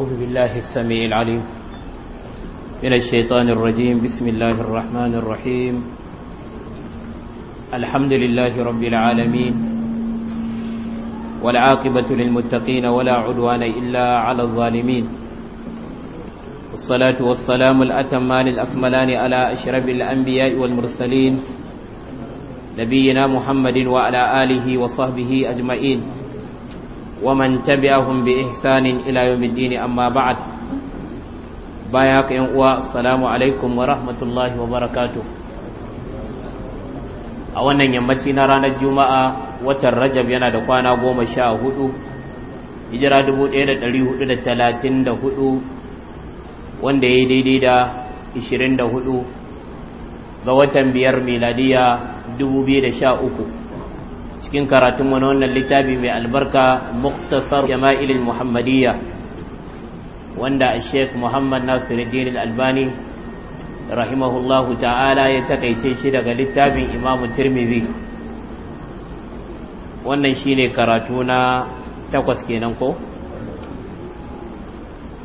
أعوذ بالله السميع العليم من الشيطان الرجيم بسم الله الرحمن الرحيم الحمد لله رب العالمين والعاقبة للمتقين ولا عدوان إلا على الظالمين والصلاة والسلام الأتمان الأكملان على أشرف الأنبياء والمرسلين نبينا محمد وعلى آله وصحبه أجمعين ومن تبعهم بإحسان إلى يوم الدين أما بعد باياك ينقوى السلام عليكم ورحمة الله وبركاته a wannan yammaci na ranar juma'a watan rajab yana da kwana goma sha hudu hijira 1434 wanda ya yi daidai da 24 ga watan biyar miladiya uku. cikin karatun wani wannan littafi mai albarka muktasar jama'il muhammadiyya wanda sheikh muhammad nasiruddin albani rahimahullahu ta'ala ya takaice shi daga littafin imamu tirmizi wannan shine karatu na takwas kenan ko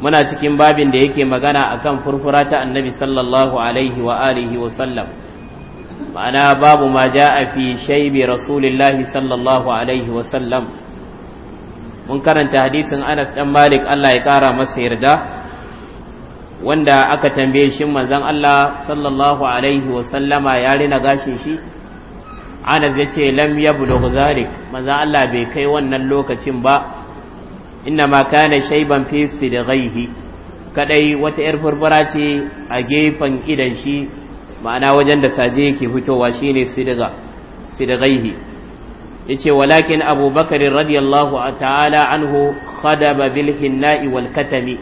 muna cikin babin da yake magana akan furfura ta annabi sallallahu alaihi wa alihi wa sallam ma'ana babu ma a fi shaibi rasulillahi sallallahu alaihi wasallam mun karanta hadisin anas dan malik allah ya kara masa yarda wanda aka tambaye shi manzon allah sallallahu alaihi wasallama ya rina gashin shi anas ya ce lam yablugh zalik manzon allah bai kai wannan lokacin ba inna ma kana shayban fi sidghaihi kadai wata yar furfura ce a gefen idan shi ma'ana wajen da saje yake fitowa shine sidiga sidigaihi yace walakin abubakar radiyallahu ta'ala anhu khadaba bil hinna'i wal katami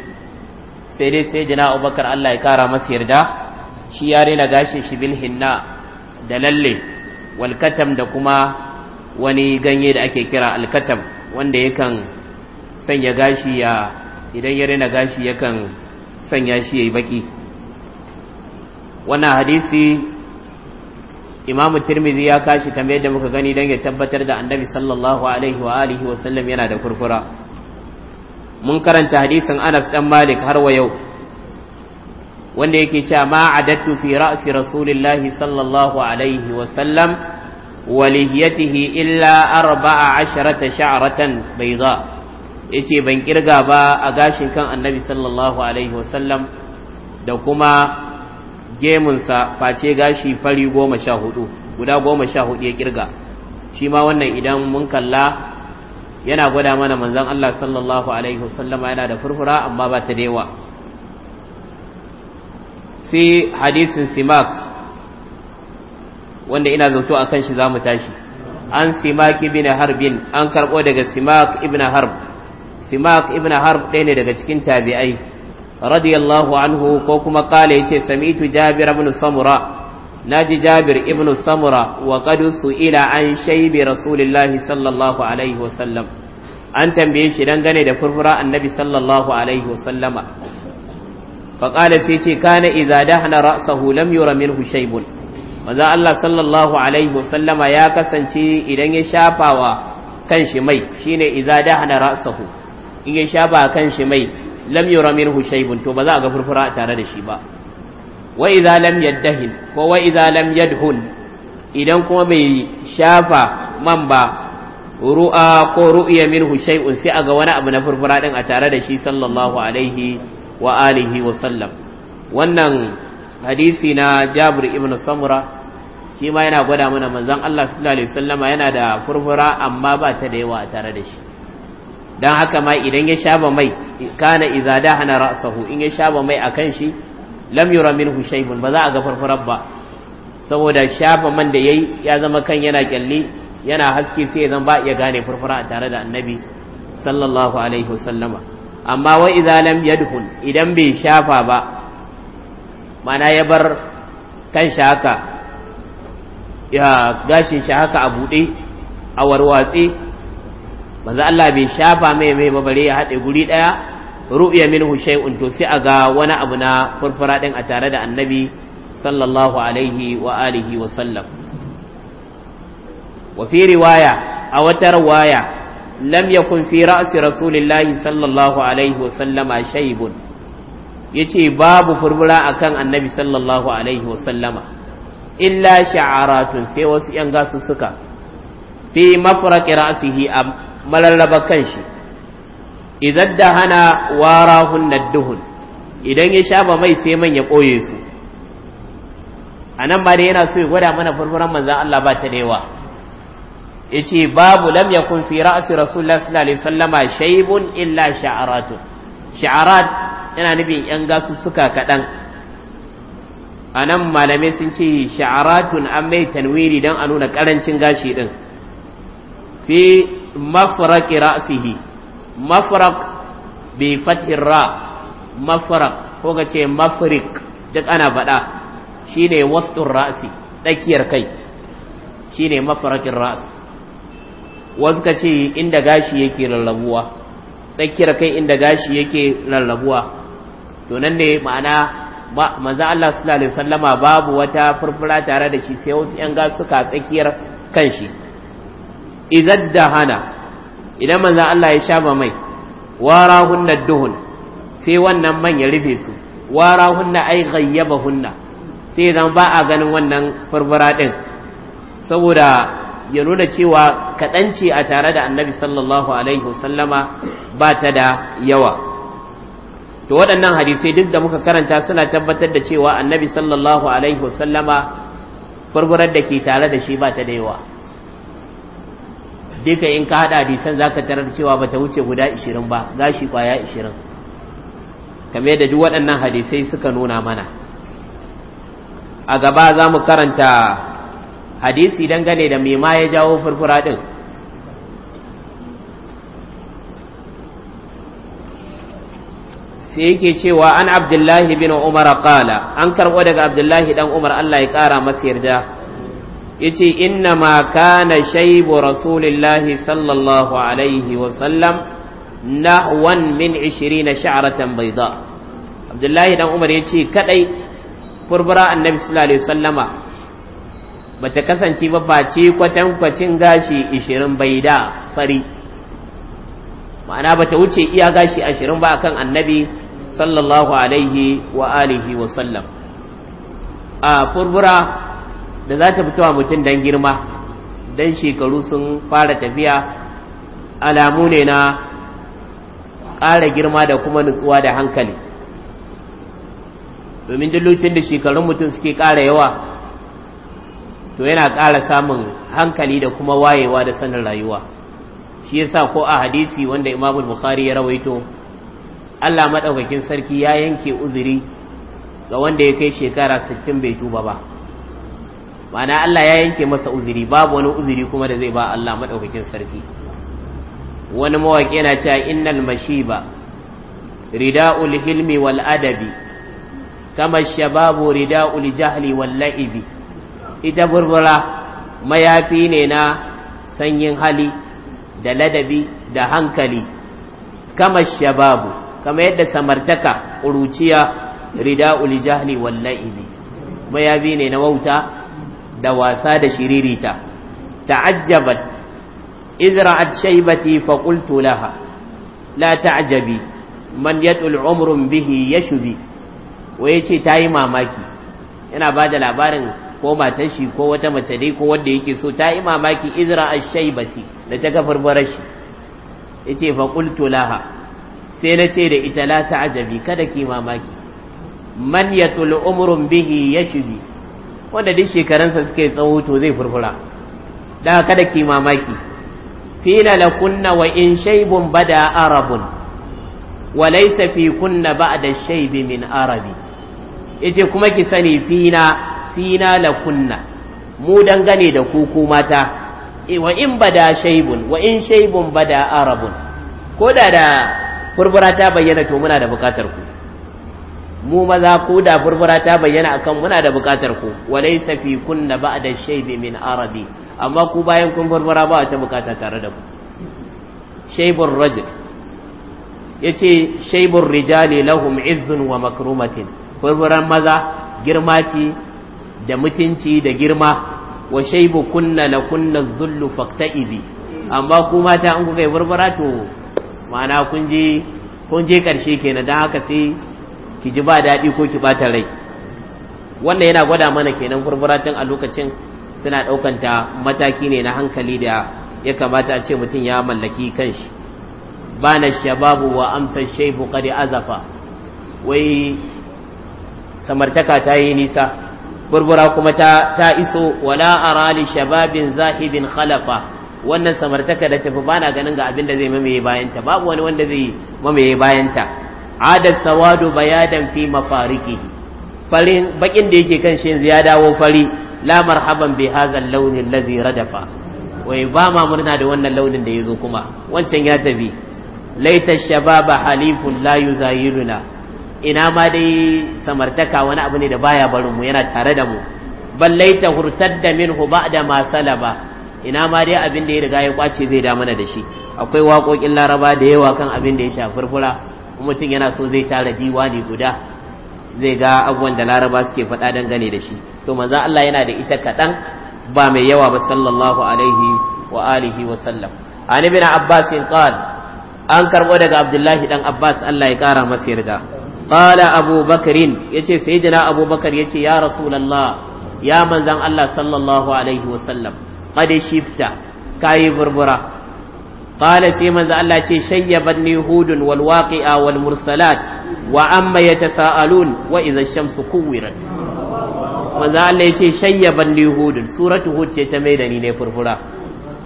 sai dai sai jina abubakar Allah ya kara masa yarda shi ya rena gashin shi bil hinna da lalle wal katam da kuma wani ganye da ake kira al katam wanda yakan sanya gashi ya idan ya rena gashi yakan sanya shi yayi baki wannan hadisi imamu tirmidhi ya kashi kamar yadda muka gani don ya tabbatar da annabi sallallahu alaihi wa alihi wa sallam yana da kurkura mun karanta hadisin anas dan malik har wa yau wanda yake cewa ma adattu fi ra'si rasulillahi sallallahu alaihi wa sallam wa lihiyatihi illa arba'a asharata sha'ratan bayda yace ban kirga ba a gashin kan annabi sallallahu alaihi wa sallam da kuma gemunsa face gashi fari goma sha hudu guda goma sha hudu ya kirga shi ma wannan idan mun kalla yana gwada mana manzan Allah sallallahu alaihi wasallama yana da furfura amma ba ta dewa sai hadisin simak wanda ina zato kan shi zamu tashi an simak ibn harbin an karbo daga simak ibn harb simak ibn harb ɗaya ne daga cikin tabi'ai radiyallahu anhu ko kuma kala yace sami'tu jabir ibn samura naji jabir ibn samura wa qad su'ila an shaybi rasulillahi sallallahu alaihi sallam an tambaye shi dangane da furfura annabi sallallahu alaihi sallama fa kala sai ce kana idza dahna ra'sahu lam yura minhu shaybun manzo Allah sallallahu alaihi wasallama ya kasance idan ya shafawa kanshi mai shine idza dahna ra'sahu in ya shafa kanshi mai lam yura minhu shaybun to ba za a ga furfura a tare da shi ba wa idza lam yaddahin ko wa idza lam yadhun idan kuma bai shafa man ba ru'a ko ru'iya minhu shay'un sai ga wani abu na furfura din a tare da shi sallallahu alaihi wa alihi wa sallam wannan hadisi na Jabir ibn Samura shi ma yana gwada mana manzon Allah sallallahu alaihi wasallama yana da furfura amma ba ta da yawa a tare da shi don haka ma idan ya shaba mai kana iza da hana ra'sahu in ya shaba mai a kan shi lam yura minhu shaybun ba za a ga farfarar ba saboda shafa man da yayi ya zama kan yana kyalle yana haske sai zan ba ya gane farfara tare da annabi sallallahu alaihi wasallama amma wa idza lam yadkhul idan bai shafa ba mana ya bar kan shi haka ya gashin shi haka a buɗe a warwatse manzo Allah bai shafa mai mai babare ya haɗe guri ɗaya ru'ya minhu shay'un to sai ga wani abu na furfura ɗin a tare da annabi sallallahu alaihi wa alihi wa sallam wa fi riwaya a wata riwaya lam yakun fi ra'si rasulillahi sallallahu alaihi wa sallama shaybun yace babu furfura akan annabi sallallahu alaihi wa sallama illa sha'aratun sai wasu yan gasu suka fi mafraqi ra'sihi malallaba shi. idan da hana warahun nadduhun idan ya shafa mai sai man ya ɓoye su a nan ba dai yana so ya gwada mana furfuran manzan Allah ba ta dewa ya ce babu lam ya kun fi ra'asi rasulullah sallallahu alaihi wasallama shaibun illa sha'aratu. sha'arat yana nufin yan gasu suka kaɗan a nan malamai sun ce sha'aratun an mai tanwiri don a nuna ƙarancin gashi ɗin fi mafarak ra'sihi mafarak bi fathir ra mafarak ko ka ce mafarik duk ana faɗa shine wasdun ra'si tsakiyar kai shine mafarakin ra'si wasu ka ce inda gashi yake lallabuwa tsakiyar kai inda gashi yake lallabuwa to nan ne ma'ana manzo Allah sallallahu alaihi wasallama babu wata furfura tare da shi sai wasu yan gasuka tsakiyar kanshi idan hana idan manzan Allah ya shafa mai wara hunna duhun sai wannan man ya rufe su wara hunna ai gayyaba hunna sai zan ba a ganin wannan furfura din saboda ya nuna cewa kaɗanci a tare da annabi sallallahu alaihi wasallama ba ta da yawa to waɗannan hadisai duk da muka karanta suna tabbatar da cewa annabi sallallahu alaihi wasallama furfurar da ke tare da shi ba ta da yawa duka in ka hada hadisan zaka tarar cewa bata wuce guda 20 ba gashi kwaya 20 kamar da duk waɗannan hadisai suka nuna mana a gaba za mu karanta hadisi dangane da mai ma ya jawo furfura din sai yake cewa an abdullahi bin umar kala an karɓo daga abdullahi dan umar allah ya kara masa yarda yace inna ma kana shaybu rasulillahi sallallahu alaihi wa sallam nahwan min 20 sha'ratan bayda abdullahi dan umar yace kadai furbura annabi sallallahu alaihi wasallama bata kasance ba face kwatankwacin gashi 20 baida fari ma'ana bata wuce iya gashi 20 ba akan annabi sallallahu alaihi wa alihi wa sallam a furbura da za ta fitowa mutum don girma don shekaru sun fara tafiya alamu ne na ƙara girma da kuma nutsuwa da hankali domin dillocin da shekarun mutum suke ƙara yawa to yana ƙara samun hankali da kuma wayewa da sanin rayuwa shi yasa ko a hadisi wanda imamul bukhari ya rawaito allah maɗaukakin sarki ya yanke uzuri ga wanda ya kai shekara 60 bai tuba ba ma'ana Allah ya yanke masa uzuri babu wani uzuri kuma da zai ba Allah madaukakin sarki wani mawaki yana cewa innal mashiba rida'ul hilmi wal adabi kama shababu rida'ul jahli wal la'ibi ita burbura mayafi ne na sanyin hali da ladabi da hankali kama shababu kama yadda samartaka ƙuruciya rida'ul jahli wal la'ibi mayafi ne na wauta da wasa da shiririta ta'ajjabat izra'at shaybati fa qultu laha la ta'jabi man yatul umrun bihi yashbi waye ce tayi mamaki yana bada labarin ko matan shi ko wata mace dai ko wanda yake so tayi mamaki izra'at shaybati da ta gafarbarar shi yace fa qultu laha sai na ce da ita la ta'jabi kada ki mamaki man yatul umrun bihi yashbi wanda duk shekaransa suke tsawo to zai furfura da kada ki mamaki fila la kunna wa in shaybun bada arabun wa laysa fi kunna ba'da shaybi min arabi yace kuma ki sani fina fina la kunna mu dangane da ku ku mata e, wa in bada shaybun wa in shaybun bada arabun koda da da furfura ta bayyana to muna da bukatar ku mu maza ku da furfura ta bayyana akan muna da bukatar ku walaysa fi kunna ba'da shaybi min arabi amma ku bayan kun furfura ba ta bukata tare da ku shaybur rajul yace shaybur rijali lahum izzun wa makrumatin furfuran maza girma ce da mutunci da girma wa shaybu kunna la kunna dhullu faqta'ibi amma ku mata an kuka yi furfura to ma'ana kun je kun je karshe kenan dan haka sai ki ji ba daɗi ko ki ɓata rai wannan yana gwada mana kenan tun a lokacin suna ɗaukanta mataki ne na hankali da ya kamata a ce mutum ya mallaki kanshi bana shababu wa amsar shaibu kadi azafa wai samartaka ta yi nisa burbura kuma ta, ta iso wala rali shababin zahibin khalafa wannan samartaka da tafi na ganin ga abin da zai mamaye bayanta babu wani wanda zai mamaye bayanta adad sawadu bayadan fi mafarikihi farin bakin da yake kan shin ziyada ya dawo fari la marhaban bi hadha al-lawn alladhi radafa wai ba ma murna da wannan launin da yazo kuma wancan ya tafi laita shababa halifun la yuzayiruna ina ma dai samartaka wani abu ne da baya barin mu yana tare da mu laita hurtadda minhu ba'da ma salaba ina ma dai abin da ya riga ya kwace zai da mana da shi akwai waƙoƙin laraba da yawa kan abin da ya shafi furfura mutum yana so zai tara diwani guda zai ga abubuwan da laraba suke faɗa dangane da shi to manzo Allah yana da ita kaɗan ba mai yawa ba sallallahu alaihi wa alihi wa sallam an ibn abbas qal an karbo daga abdullahi dan abbas Allah ya kara masa yarda qala abu yace sayyidina abu bakar yace ya rasulullah ya manzan Allah sallallahu alaihi wa sallam qad shifta kai burbura qala sai manzo Allah ce shayyabanni hudun wal waqi'a wal mursalat wa amma yatasaalun wa idha shamsu kuwirat manzo Allah ya ce shayyabanni hudun suratu hud ce ta mai da ni ne furfura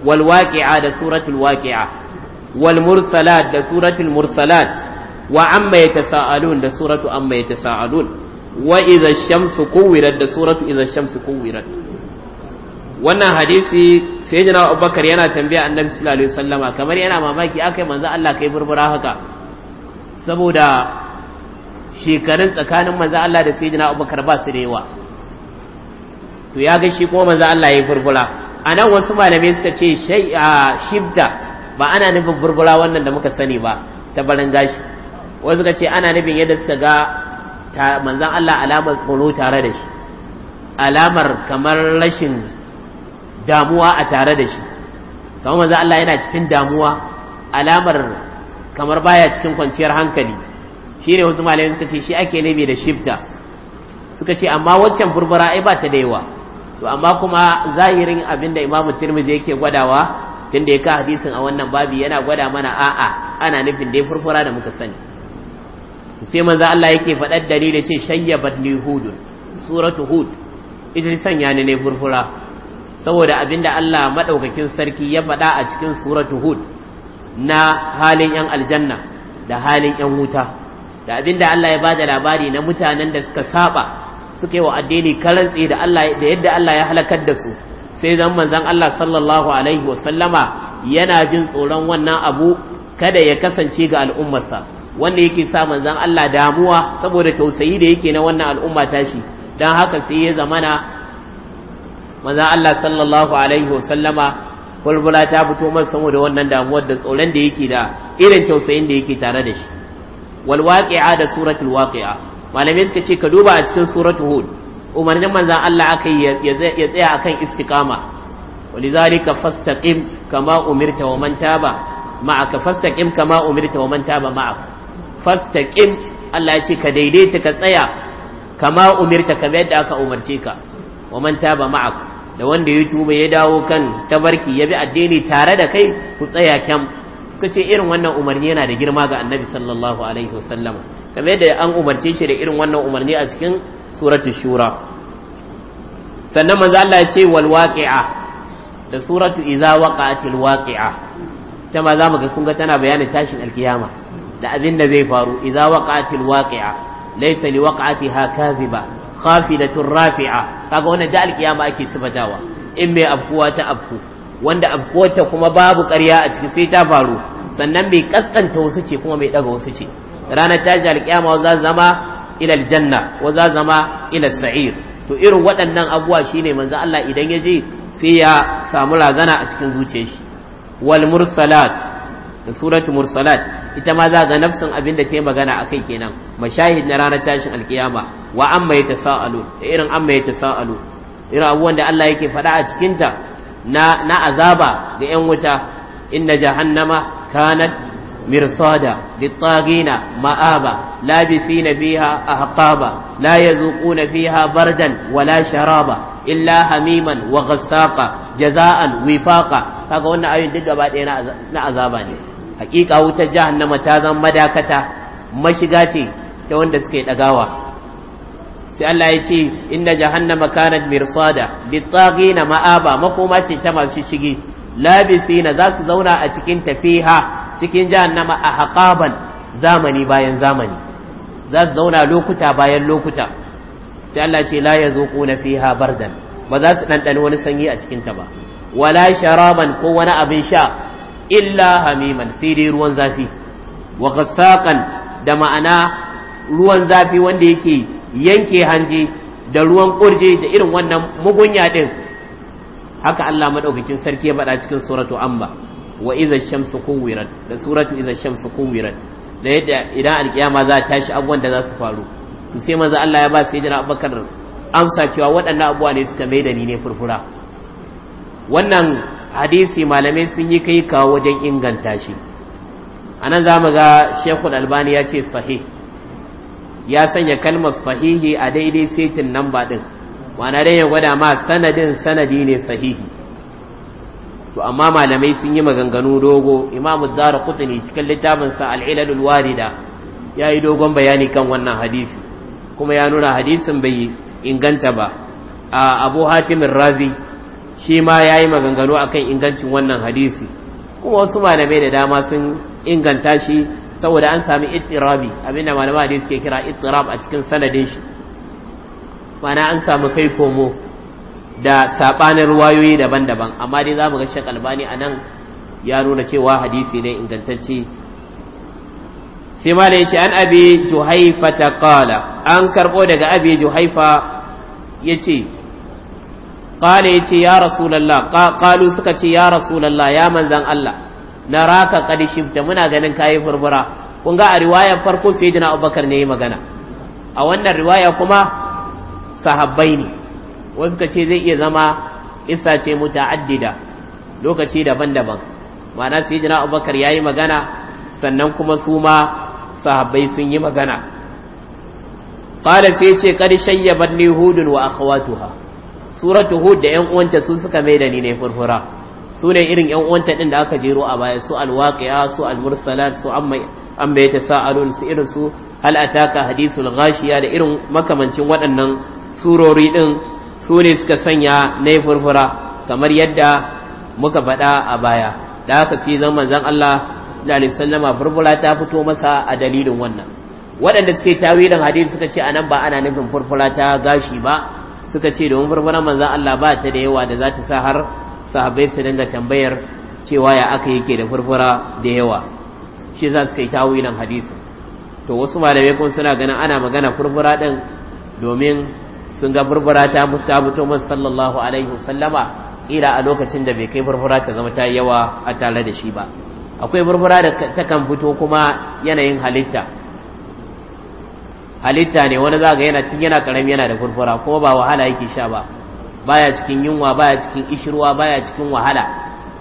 wal waqi'a da suratul waqi'a wal mursalat da suratul mursalat wa amma da suratu amma da suratu wannan hadisi sai jina abubakar yana tambaya annabi sallallahu alaihi wasallama kamar yana mamaki akai manzo Allah kai burbura haka saboda shekarun tsakanin manzo Allah da sayyidina abubakar ba su da yawa to ya ga shi kuma manzo Allah yayi burbura anan wasu malamai suka ce shay'a shibda ba ana nufin burbura wannan da muka sani ba ta barin gashi wasu ka ce ana nufin yadda suka ga manzon Allah alamar tsoro tare da shi alamar kamar rashin damuwa a tare da shi kamar manzo Allah yana cikin damuwa alamar kamar baya cikin kwanciyar hankali shi ne wasu malamai suka ce shi ake nabi da shifta suka ce amma waccan burbura ai ba ta da yawa to amma kuma zahirin abin da imamu tirmidhi yake gwadawa tunda ya ka hadisin a wannan babi yana gwada mana a'a ana nufin dai furfura da muka sani sai manzo Allah yake faɗar dalilin ce shayyabat ni hudun suratu hud ita sanya ne ne furfura saboda abinda Allah madaukakin sarki ya faɗa a cikin suratu hud na halin yan aljanna da halin yan wuta da abinda Allah ya bada labari na mutanen da suka saba suka yi wa addini karantsi da Allah da yadda Allah ya halakar da su sai zan manzon Allah sallallahu alaihi wa sallama yana jin tsoron wannan abu kada ya kasance ga al'ummarsa wanda yake sa manzan Allah damuwa saboda tausayi da yake na wannan al'umma tashi don haka sai ya zamana manzan Allah sallallahu alaihi wasallama kwalbula ta fito man saboda wannan damuwar da tsoron da yake da irin tausayin da yake tare da shi wal waqi'a da suratul waqi'a malamai suka ce ka duba a cikin suratul hud umarnin manzan Allah aka yi ya tsaya akan istiqama walizalika fastaqim kama umirta wa man taba ma'aka fastaqim kama umirta wa man taba ma'aka fastaqim Allah ya ce ka daidaita ka tsaya kama umirta kamar yadda aka umarce ka wa man taba da wanda ya tuba ya dawo kan tabarki ya bi addini tare da kai ku tsaya kyam suka ce irin wannan umarni yana da girma ga annabi sallallahu alaihi wasallam kamar yadda an umarce shi da irin wannan umarni a cikin suratul shura sannan manzo Allah ya ce wal waqi'a da suratu idza waqa'atil waqi'a ta ma zamu ga kun ga tana bayanin tashin alkiyama da abin da zai faru idza waqa'atil waqi'a laysa liwaqa'atiha kaziba khafidatun rafi'a kaga wannan da alkiyama ake sifatawa in mai afkuwa ta afku wanda afkuwarta kuma babu ƙarya a ciki sai ta faru sannan mai kaskanta wasu ce kuma mai daga wasu ce ranar tashi alkiyama za zama ilal janna wa za zama ilal sa'ir to irin waɗannan abubuwa shine manzo Allah idan ya je sai ya samu razana a cikin zuciyar shi wal mursalat da suratul mursalat ita ma za ga nafsin abin da ke magana akai kenan mashahid na ranar tashin alkiyama wa amma yatasaalu da irin amma yatasaalu irin abubuwan da Allah yake faɗa a cikinta na na azaba ga yan wuta inna jahannama kanat mirsada littagina ma'aba labisina fiha ahqaba la yazuquna fiha bardan wala sharaba illa hamiman wa ghassaqa jaza'an wifaqa kaga wannan ayoyin duk gaba ɗaya na azaba ne hakika wutar jahannama ta zama madakata mashiga ce ta wanda suka yi ɗagawa sai Allah ya ce inna jahannama kanat mirsada na ma'aba makoma ce ta masu shige labisina za su zauna a cikin tafiha cikin jahannama a haƙaban zamani bayan zamani za su zauna lokuta bayan lokuta sai Allah ce la kuna fiha bardan ba za su ɗanɗani wani sanyi a cikinta ba wala sharaban ko wani abin sha illa hamiman sai dai ruwan zafi wa da ma'ana ruwan zafi wanda yake yanke hanji da ruwan kurje da irin wannan mugunya din haka Allah madaukakin sarki ya faɗa cikin suratu amba wa iza shamsu kuwirat da suratu iza shamsu kuwirat da yadda idan alkiyama za ta tashi abubuwan da za su faru sai manzo Allah ya ba sai jira Abubakar amsa cewa waɗannan abubuwa ne suka mai da ni ne furfura wannan hadisi malamai sun yi kai kawo wajen inganta shi a nan za mu ga shekul albani ya ce sahih ya sanya kalmar sahihi a daidai setin nan ba ɗin wana dai ya gwada ma sanadin sanadi ne sahihi to amma malamai sun yi maganganu dogo imamu zara kutuni cikin littafinsa al'ilalul warida ya yi dogon bayani kan wannan hadisi kuma ya nuna hadisin bai inganta ba a abu hatimin razi shi ma ya yi maganganu a kan ingancin wannan hadisi kuma wasu malamai da dama sun inganta shi saboda an sami itirabi abinda malamai hadisi ke kira itirab a cikin sanadin shi mana an sami kai komo da saɓanin ruwayoyi daban-daban amma dai za mu ga shakalbani albani a nan ya nuna cewa hadisi ne ingantacce sai ma da an abi juhaifa ta kala an karɓo daga abi juhaifa ya ce qala yace ya rasulullah qalu suka ce ya rasulullah ya manzan Allah naraka qad shibta muna ganin kai furbura kun ga a riwayar farko sayyidina Abubakar ne yi magana a wannan riwaya kuma sahabbai ne wasu ka ce zai iya zama isa ce muta'addida lokaci daban-daban ma'ana sayyidina Abubakar yayi magana sannan kuma su ma sahabbai sun yi magana qala sai ce qad shayyabatni hudun wa akhawatuha suratu hud da yan uwanta su suka mai da ni ne furfura su ne irin yan uwanta din da aka jero a baya su alwaqiya su almursalat su amma bai ta sa'alun su irin su hal ataka hadithul ghashiya da irin makamancin waɗannan surori din su ne suka sanya ne furfura kamar yadda muka faɗa a baya da haka sai zan Allah sallallahu alaihi sallama furfura ta fito masa a dalilin wannan waɗanda suke tawilin hadisi suka ce anan ba ana nufin furfura ta gashi ba suka ce domin farfara manzan Allah ba ta da yawa da za ta sa har sahabbai su dinga tambayar cewa ya aka yake da furfura da yawa shi za su kai tawilin hadisi to wasu malamai kuma suna ganin ana magana furfura din domin sun ga furfura ta to man sallallahu alaihi wasallama ila a lokacin da bai kai furfura ta zama ta yawa a tare da shi ba akwai furfura da ta kan fito kuma yanayin halitta halitta ne wani zaga yana cikin yana karami yana da furfura ko ba wahala yake sha ba baya cikin yunwa baya cikin ishirwa baya cikin wahala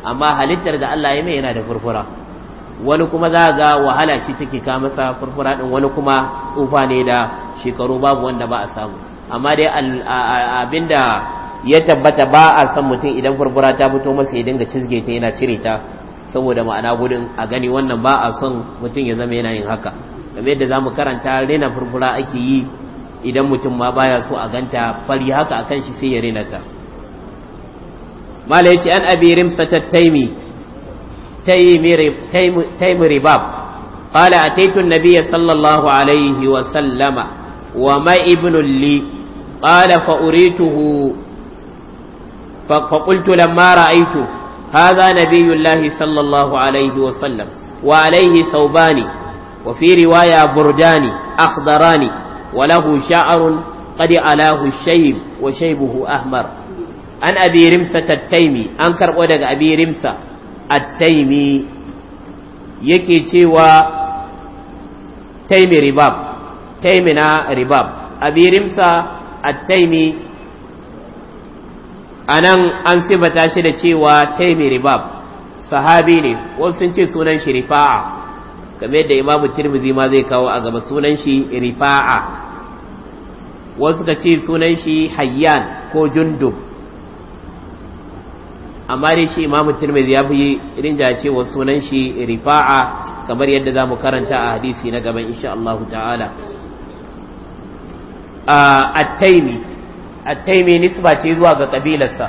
amma halittar da Allah ya mai yana da furfura wani kuma ga wahala shi take ka masa furfura din wani kuma tsufa ne da shekaru babu wanda ba a samu amma dai abinda ya tabbata ba a san mutum idan furfura ta fito masa ya dinga cizge ta yana cire ta saboda ma'ana gudun a gani wannan ba a son mutum ya zama yana yin haka game da za mu karanta rena furfura ake yi idan mutum ma baya so a ganta fari haka akan shi sai ya rena ta mala yace an abi rimsa taimi taimi ribab qala a taitun nabiya sallallahu alaihi wa sallama wa ma ibnu li qala fa urituhu فقلت لما رأيته هذا نبي الله صلى الله عليه وسلم وعليه ثوبان وفي رواية برجان أخضران وله شعر قد علاه الشيب وشيبه أحمر عن أبي رمسة التيمي أنكر ودق أبي رمسة التيمي يكي تيوى تيمي رباب تيمنا رباب أبي رمسة التيمي anan an sibata shi da cewa taimi ribab sahabi ne wasu sun ce sunan shi rifa'a kamar yadda imamu tirmizi ma zai kawo a gaba sunan shi rifa'a wasu ka ce sunan shi hayyan ko jundub amma dai shi imamu tirmizi ya fi rinja cewa sunan shi rifa'a kamar yadda za mu karanta a hadisi na gaban insha Allah ta'ala a attaimi attaimi nisba ce zuwa ga kabilarsa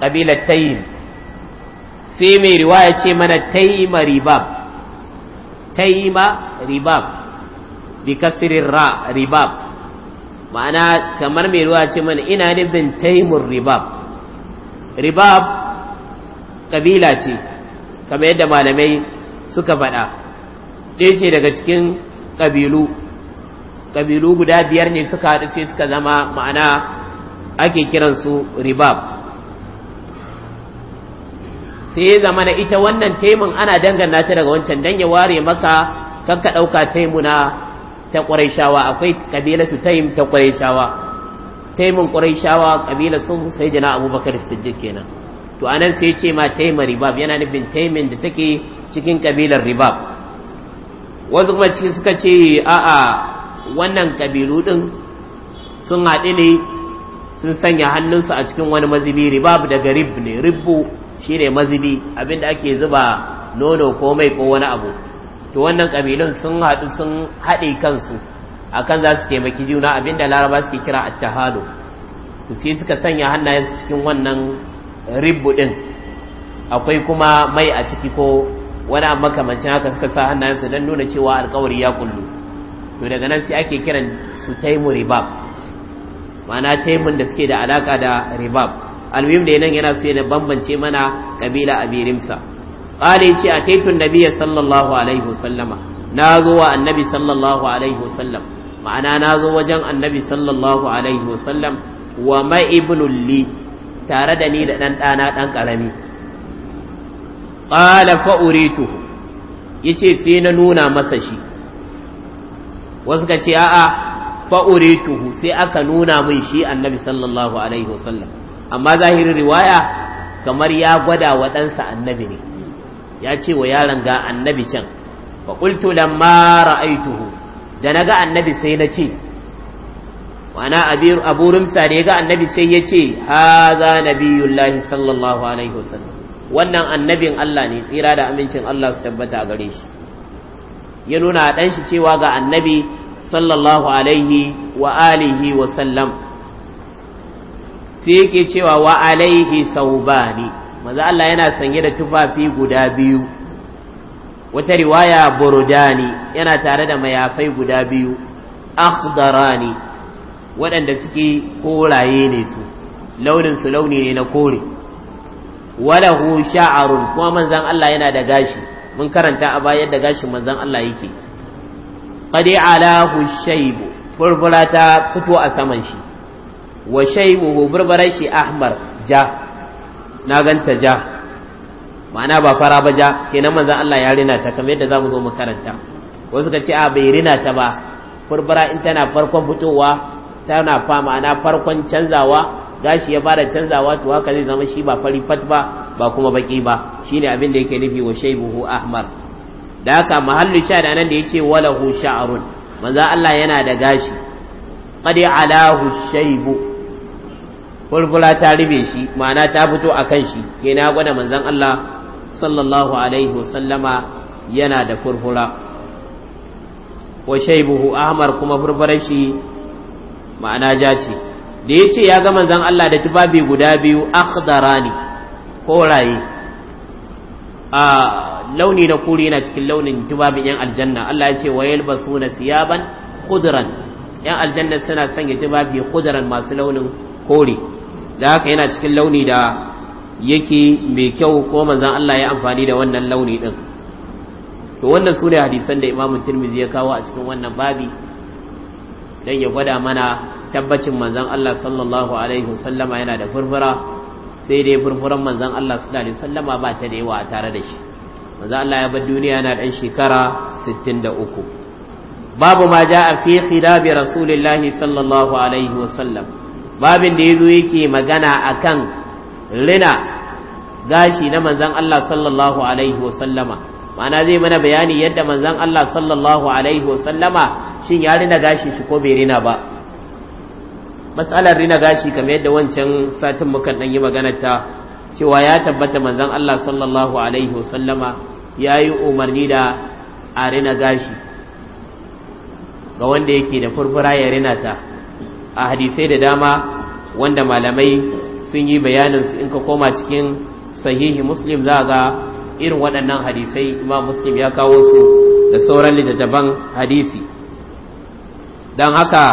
kabilar tayyim sai mai riwaya ce mana tayyima ribab taima ribab bi kasirin ra ribab ma'ana kamar mai ruwa ce mana ina nufin taimur ribab ribab ƙabila ce kamar yadda malamai suka faɗa ɗaya ce daga cikin ƙabilu ƙabilu guda biyar ne suka haɗu sai suka zama ma'ana ake kiransu ribab sai ya zama na ita wannan taimun ana dangana ta daga wancan dan ya ware maka kan ka ɗauka taimuna ta shawa akwai su taim ta shawa taimun shawa ƙabilar sun sai jana abubakar siddiq kenan to anan sai ce ma taima ribab yana nufin taimin da take cikin ƙabilar ribab wasu kuma suka ce a'a wannan ƙabilu ɗin sun haɗu ne sun sanya hannunsu a cikin wani mazibi ribab daga rib ne ribu shine mazibi abinda ake zuba nono ko mai ko wani abu to wannan kabilun sun haɗu sun haɗe kansu akan za su taimaki juna abinda laraba suke kira a to sai suka sanya hannayensu cikin wannan ribbu din akwai kuma mai a ciki ko wani abu makamancin haka suka sa hannayensu don nuna cewa alkawari ya kullu to daga nan sai ake kiran su taimu ribab ma'ana taimun da suke da alaka da ribab almuhim da nan yana so ya bambance mana kabila abirimsa ce yace ataitu nabiyya sallallahu alaihi wasallama na zo wa annabi sallallahu alaihi wasallam ma'ana na zo wajen annabi sallallahu alaihi wasallam wa ma'ibnul li tare da ni da dan dana dan karami qala fa urituhu yace sai na nuna masa shi wasu ka ce a'a fa'ure tuhu sai aka nuna min shi annabi sallallahu alaihi wasallam amma zahirin riwaya kamar ya gwada wa ɗansa annabi ne ya ce wa yaron ga annabi can fa don mara aituhu, da na ga annabi sai na ce wana na abu rumsa da ga annabi sai ya ce haza nabiyullahi sallallahu alaihi wasallam wannan annabin Allah ne tsira da amincin Allah su tabbata a gare shi ya nuna ɗanshi shi cewa ga annabi sallallahu alaihi wa alihi wa sallam sai yake cewa wa alaihi saubani maza Allah yana sanye da tufafi guda biyu wata riwaya burudani yana tare da mayafai guda biyu akhdarani waɗanda suke koraye ne su launin su launi ne na kore walahu sha'arun kuma manzan Allah yana da gashi mun karanta a bayan da gashin manzan Allah yake qadi alahu shaybu furfura ta fito a saman shi wa shaibuhu burbaran shi ahmar ja na ganta ja ma'ana ba fara ba ja kenan manzan Allah ya rina ta kamar yadda zamu zo mu karanta wasu ka ce a bai rina ta ba farbara in tana farkon fitowa tana fa ma'ana farkon canzawa gashi ya fara canzawa to haka zai zama shi ba fari fat ba ba kuma baki ba shine abin da yake nufi wa shaibuhu ahmar da haka mahallu sha da nan da yace walahu sha'run manzo Allah yana da gashi qadi alahu Shaibu. furfura ta rube shi ma'ana ta fito a kan shi ke na gwada manzan Allah sallallahu alaihi wasallama yana da furfura wa buhu ahmar kuma furfurar shi ma'ana ja ce da ya ce ya ga manzan Allah da tufafi guda biyu ne koraye a launi na kuri yana cikin launin tufafin yan aljanna Allah ya ce wa yalbasuna siyaban khudran yan aljanna suna sanya tubabi khudran masu launin kore da haka yana cikin launi da yake mai kyau ko manzan Allah ya amfani da wannan launi ɗin to wannan su ne hadisan da imamun Tirmidhi ya kawo a cikin wannan babi don ya gwada mana tabbacin manzan Allah sallallahu alaihi wasallama yana da furfura sai dai furfuran manzan Allah sallallahu alaihi wasallama ba ta da yawa tare da shi manzan Allah ya bar duniya yana dan shekara 63 babu ma ja'a fi khidabi rasulillahi sallallahu alaihi wasallam babin da ya zo yake magana a kan rina gashi na manzan Allah sallallahu alaihi wasallama ma'ana zai mana bayani yadda manzan Allah sallallahu alaihi wasallama shin ya rina gashi shi ko bai rina ba matsalar rina gashi kamar yadda wancan satin mukan dan yi maganar ta cewa ya tabbata manzan Allah sallallahu alaihi wasallama ya yi umarni da a rina gashi ga wanda yake da furfura ya rina ta a hadisai da dama wanda malamai sun yi bayanin su in ka koma cikin sahihi muslim za ga irin waɗannan hadisai ma muslim ya kawo su da sauran littattafan hadisi don haka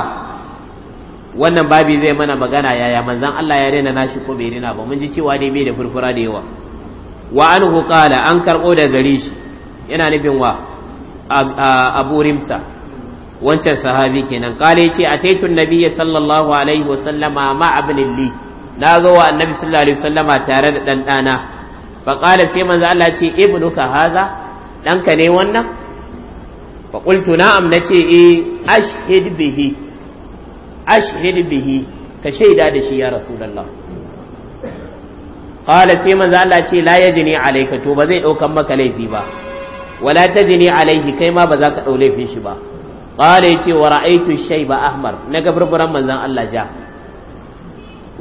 wannan babi zai mana magana yaya manzan Allah ya rena nashi ko bai rena ba mun ji cewa dai bai da furfura da yawa wa an hukala an karɓo da gari shi yana nufin wa abu rimsa wancan sahabi kenan kale ce a taitun Nabiya sallallahu alaihi wa sallama ma abnin li na zo wa annabi sallallahu alaihi wa sallama tare da dan dana fa qala sai manzo Allah ce ibnuka haza danka ne wannan fa qultu na'am nace eh ashhid bihi ashhid bihi ka shaida da shi ya rasulullah qala sai manzo Allah ce la yajni alayka to ba zai daukan maka laifi ba wala tajni alayhi kai ma ba za ka dau laifin shi ba qala ce wa ra'aytu shayba ahmar na gabarbaran manzan Allah ja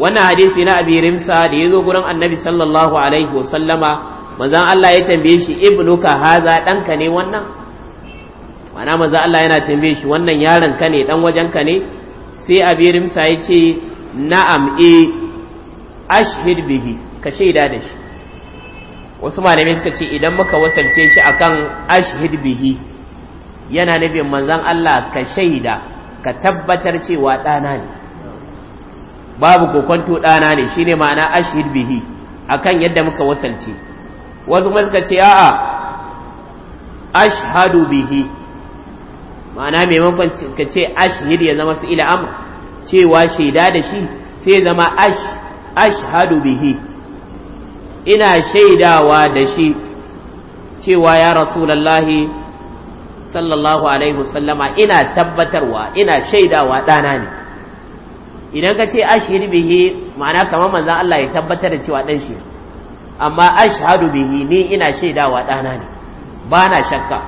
wannan hadisi na abi rimsa da yazo gurin annabi sallallahu alaihi wa sallama manzan Allah ya tambaye shi ibnuka haza ɗanka ne wannan mana manzan Allah yana tambaye shi wannan yaron ka ne ɗan wajen ka ne sai abi rimsa yace na'am e ashhid bihi ka shaida da shi wasu malamai suka ce idan muka wasance shi akan ashhid bihi yana nufin manzan Allah ka shaida ka tabbatar cewa ɗana ne babu kokonto ɗana ne Shi ne ma'ana ashir bihi akan yadda muka wasalci. wasu suka ce a'a ashhadu bihi ma'ana maimakon ka ce ashir ya zama fi'il cewa shaida da shi sai zama ash ashhadu bihi ina shaidawa da shi cewa ya rasulallahi sallallahu alaihi wasallama ina tabbatarwa ina shaidawa ɗana ne idan ka ce ashhadu bihi ma'ana kamar manzan Allah ya tabbatar da cewa ɗan shi amma ashhadu bihi ni ina shaidawa ɗana ne ba na shakka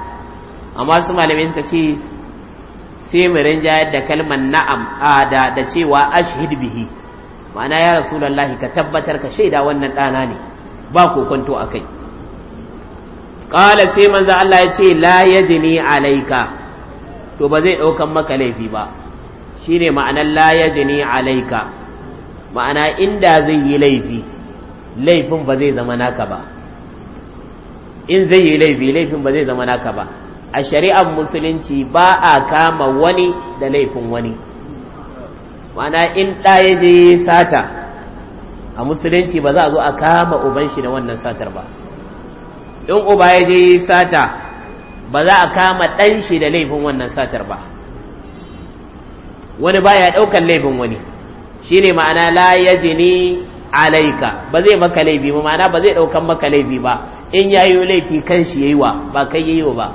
amma su malamai suka ce sai mu rinjayar da kalmar na'am da da cewa ashhadu bihi ma'ana ya rasulullahi ka tabbatar ka shaida wannan ɗana ne ba kokonto kai. ƙala sai manzan Allah ya ce la ya a alaika to ba zai ɗaukan maka laifi ba shi ne ma'anar la ya jini alaika ma'ana inda zai yi laifi laifin ba zai zama naka ba in zai yi laifi laifin ba zai zama naka ba a shari'ar musulunci ba a kama wani da laifin wani ma'ana in ɗaya je sata a musulunci ba za a zo a kama uban shi da wannan satar ba in uba ya je sata ba za a kama ɗan shi da laifin wannan satar ba wani baya ɗaukan laifin wani shine ma'ana la yajini alaika ba zai maka laifi ba ma'ana ba zai ɗaukan maka laifi ba in yayi laifi kan shi yayi wa ba kai yayi ba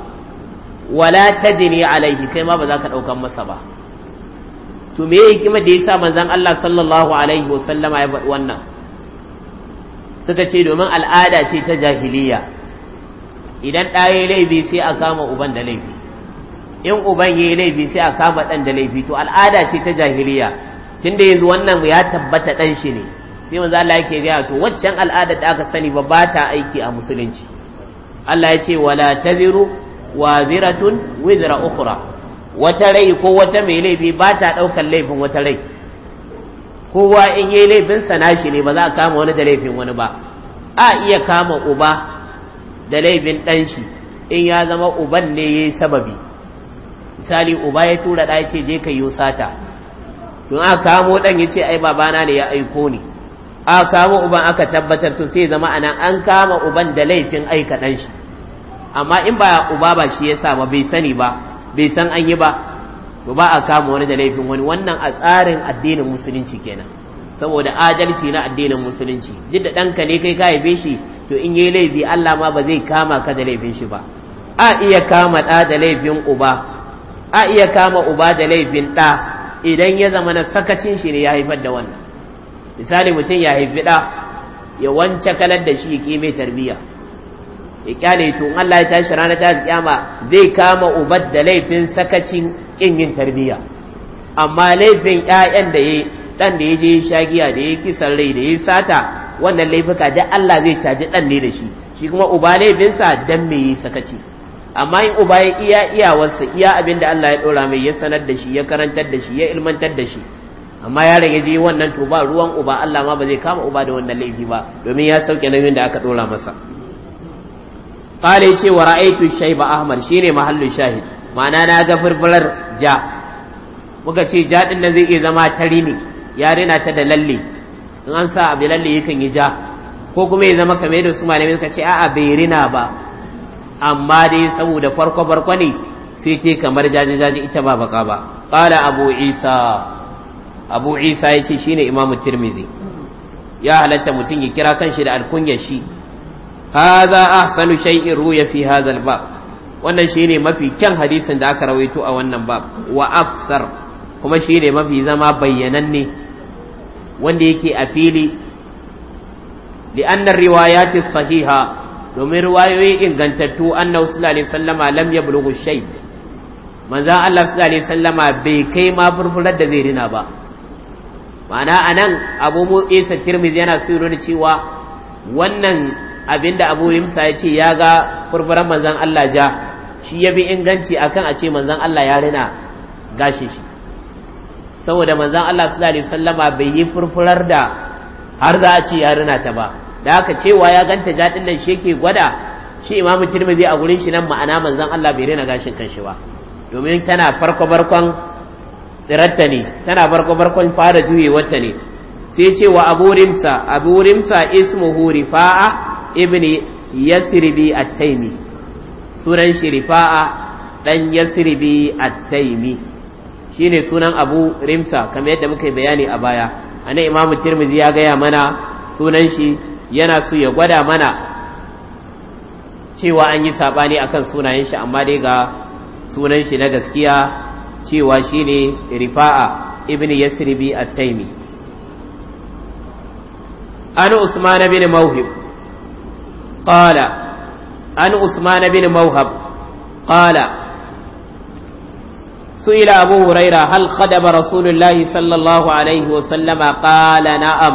wala tajini alaihi kai ma ba za ka ɗaukan masa ba to me yake hikimar da yasa manzon Allah sallallahu alaihi wasallama ya faɗi wannan suka ce domin al'ada ce ta jahiliya idan ɗa ya laifi sai a kama uban da laifi in uban ya laifi sai a kama ɗan da laifi to al'ada ce ta jahiliya tunda yanzu wannan ya tabbata ɗan shi ne sai manzo Allah yake gaya to waccan al'ada da aka sani ba ba ta aiki a musulunci Allah ya ce wala taziru waziratun wizra ukhra wata rai ko wata mai laifi ba ta ɗaukar laifin wata rai kowa in yi laifin sana shi ne ba za a kama wani da laifin wani ba a iya kama uba da laifin ɗan shi in ya zama uban ne ya yi sababi misali uba ya tura ɗaya ce je ka yi sata don aka kamo ɗan ya ce ai babana ne ya aiko ni aka kamo uban aka tabbatar to sai zama anan an kama uban da laifin aika ɗanshi. shi amma in ba uba ba shi ya sa ba bai sani ba bai san an yi ba to ba a kama wani da laifin wani wannan a tsarin addinin musulunci kenan saboda adalci na addinin musulunci duk da ɗanka ne kai ka haife shi to in yi laifi Allah ma ba zai kama ka da laifin shi ba a iya kama ɗa da laifin uba a iya kama uba da laifin ɗa idan ya zama na sakacin shi ne ya haifar da wannan misali mutum ya haifi ɗa ya wance kalar da shi ke mai tarbiyya ya kyale to Allah ya tashi rana ta kiyama zai kama uba da laifin sakacin kin yin tarbiyya amma laifin ƴaƴan da ya ɗan da ya je shagiya da ya kisan rai da ya sata wannan laifuka da Allah zai caji ɗan ne da shi shi kuma uba laifinsa dan me yi sakaci amma in uba ya iya iyawarsa iya abin da Allah ya dora mai ya sanar da shi ya karantar da shi ya ilmantar da shi amma ya rage je wannan to ba ruwan uba Allah ma ba zai kama uba da wannan laifi ba domin ya sauke nauyin da aka ɗora masa qale ce wa ra'aytu shayba ahmad shine mahallu shahid ma'ana na ga furfurar ja muka ce ja din nan zai iya zama tari ne ya ta da lalle in an sa abu lalle yakan yi ja ko kuma ya zama kamar da su malamai suka ce a'a bai rina ba amma dai saboda farko farko ne sai ke kamar jaji jaji ita ba baka ba qala abu isa abu isa yace shine imamu tirmizi ya halatta mutum ya kira kanshi da alkunyar shi hadha ahsanu shay'in ruya fi hadha bab wannan shine mafi kyan hadisin da aka rawaito a wannan bab wa afsar kuma shine mafi zama bayyananne wanda yake a fili li'annar riwayati sahiha domin riwayoyi ingantattu annahu sallallahu alaihi wasallama lam yablughu shayd manzo Allah sallallahu alaihi wasallama bai kai ma furfurar da zai rina ba ma'ana anan Abu Isa Tirmidhi yana so cewa wannan abinda Abu Musa ya ce ya ga furfurar manzon Allah ja shi ya bi inganci akan a ce manzon Allah ya rina gashi shi saboda manzan Allah su alaihi sallama bai yi furfurar da har za a ce ya ta ba da haka cewa ya ganta jaɗin nan shi ke gwada shi imamu tirmidhi a gurin shi nan ma'ana manzan Allah bai rena gashin kanshi ba domin tana farko barkon tsiratta ne tana farko barkon fara juyewarta ne sai ce wa abu rimsa abu ismuhu rifa'a ibn yasribi at-taimi Suran shi rifa'a dan yasribi at-taimi shine sunan abu rimsa kamar yadda muka yi bayani a baya anan imamu tirmidhi ya gaya mana sunan shi yana so ya gwada mana cewa an yi sabani akan sunayen shi amma dai ga sunan shi na gaskiya cewa shine rifa'a ibn yasribi at-taimi an usman bin mawhib qala an usman bin mawhab qala سئل أبو هريرة هل خدم رسول الله صلى الله عليه وسلم قال نعم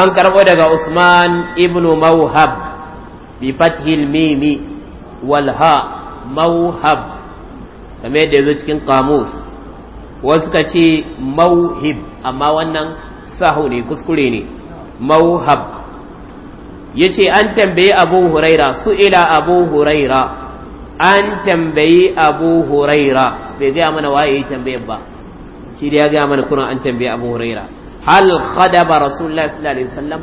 أن كربودك عثمان ابن موهب بفتح الميم والها موهب كما يدعو قاموس وسكتي موهب أما وانا سهولي كسكوليني موهب yace an tambaye Abu Huraira su'ila Abu Huraira an tambayi abu huraira bai gaya mana waye ya tambayin ba shi da ya gaya mana kuna an tambayi abu huraira hal khadaba rasulullah sallallahu alaihi wasallam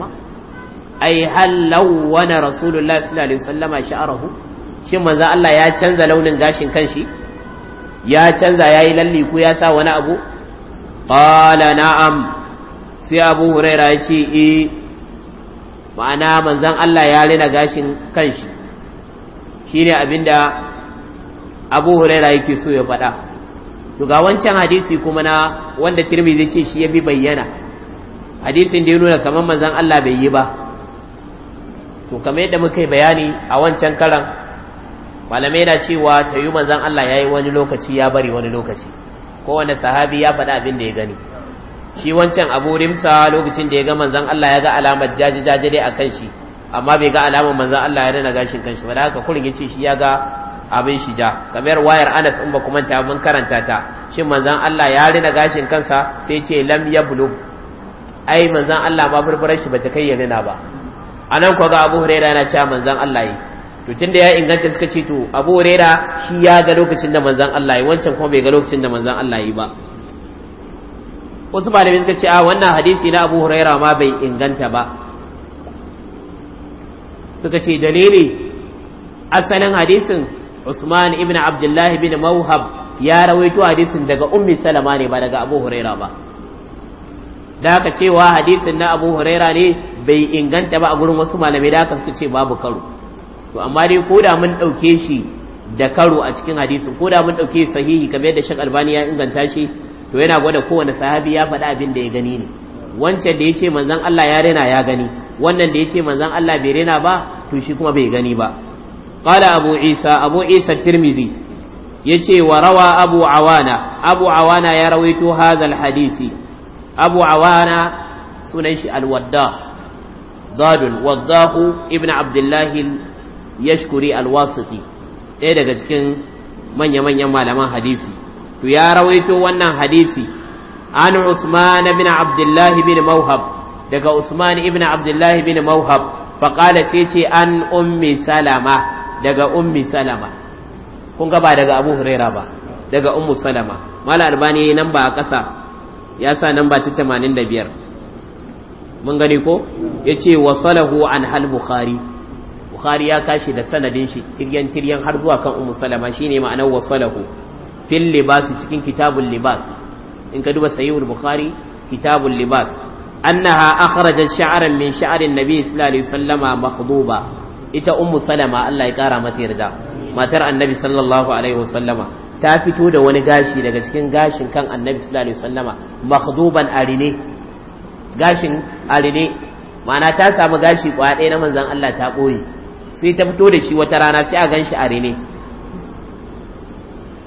ai hal lawwana rasulullah sallallahu alaihi wasallam sha'arahu shin manzo Allah ya canza launin gashin kanshi ya canza yayi lalli ko ya sa wani abu qala na'am sai abu huraira ya ce eh ma'ana manzon Allah ya rina gashin kanshi shine abinda Abu Huraira yake so ya faɗa to ga wancan hadisi kuma na wanda Tirmidhi ce shi ya bi bayyana hadisin da ya nuna kamar manzon Allah bai yi ba to kamar yadda muka yi bayani a wancan karan malamai na cewa ta yi manzan Allah ya yi wani lokaci ya bari wani lokaci kowane sahabi ya faɗa abin da ya gani shi wancan abu rimsa lokacin da ya ga manzan Allah ya ga alamar jaji-jaji dai a kan shi amma bai ga alaman manzan Allah ya rana gashin kanshi ba da haka kurin yace shi ya ga abin shi ja kamar wayar Anas in ba kuma ta mun karanta ta shin manzan Allah ya rana gashin kansa sai ce lam yablu ai manzan Allah ma furfurar shi bata kai ya rana ba anan ko ga Abu Hurairah yana cewa manzan Allah yi to tunda ya inganta suka ce to Abu Hurairah shi ya ga lokacin da manzan Allah yi wancan kuma bai ga lokacin da manzan Allah yi ba wasu malamin suka ce a wannan hadisi na Abu Hurairah ma bai inganta ba suka ce dalili asalin hadisin Usman ibn Abdullah ibn Mawhab ya rawaito hadisin daga Ummi Salama ne ba daga Abu Huraira ba da haka cewa hadisin na Abu Huraira ne bai inganta ba a gurin wasu malamai da haka suka ce babu karo to amma dai ko da mun dauke shi da karo a cikin hadisin ko da mun dauke sahihi kamar yadda Sheikh Albani ya inganta shi to yana gwada kowane sahabi ya faɗa abin da ya gani ne wancan da ya ce manzon Allah ya rena ya gani wannan da yace manzon Allah bai rena ba to shi kuma bai gani ba qala abu isa abu isa tirmidhi yace wa rawa abu awana abu awana ya rawaito hadha hadisi abu awana sunan shi alwadda dadun waddahu ibn abdullahi yashkuri alwasiti ɗaya daga cikin manya-manyan malaman hadisi to ya rawaito wannan hadisi an usman bin abdullahi bin mawhab daga Usman ibn Abdullah ibn Mawhab faqala sai ce an ummi Salama daga ummi Salama kun ga ba daga Abu Huraira ba daga ummu Salama mala albani nan ba a ƙasa ya sa nan ba ta 85 mun gani ko yace wasalahu an hal bukhari bukhari ya kashi da sanadin shi tiryan tiryan har zuwa kan ummu Salama shine ma'anar wasalahu fil libas cikin kitabul libas in ka duba sahihul bukhari kitabul libas annaha akhrajat sha'ran min sha'rin nabi sallallahu alaihi wasallama makhduba ita ummu Allah ya kara mata yarda matar annabi sallallahu alaihi wasallama ta fito da wani gashi daga cikin gashin kan annabi sallallahu alaihi wasallama makhduban arine gashin arine ma'ana ta samu gashi kwa na manzan Allah ta koyi sai ta fito da shi wata rana sai a ganshi arine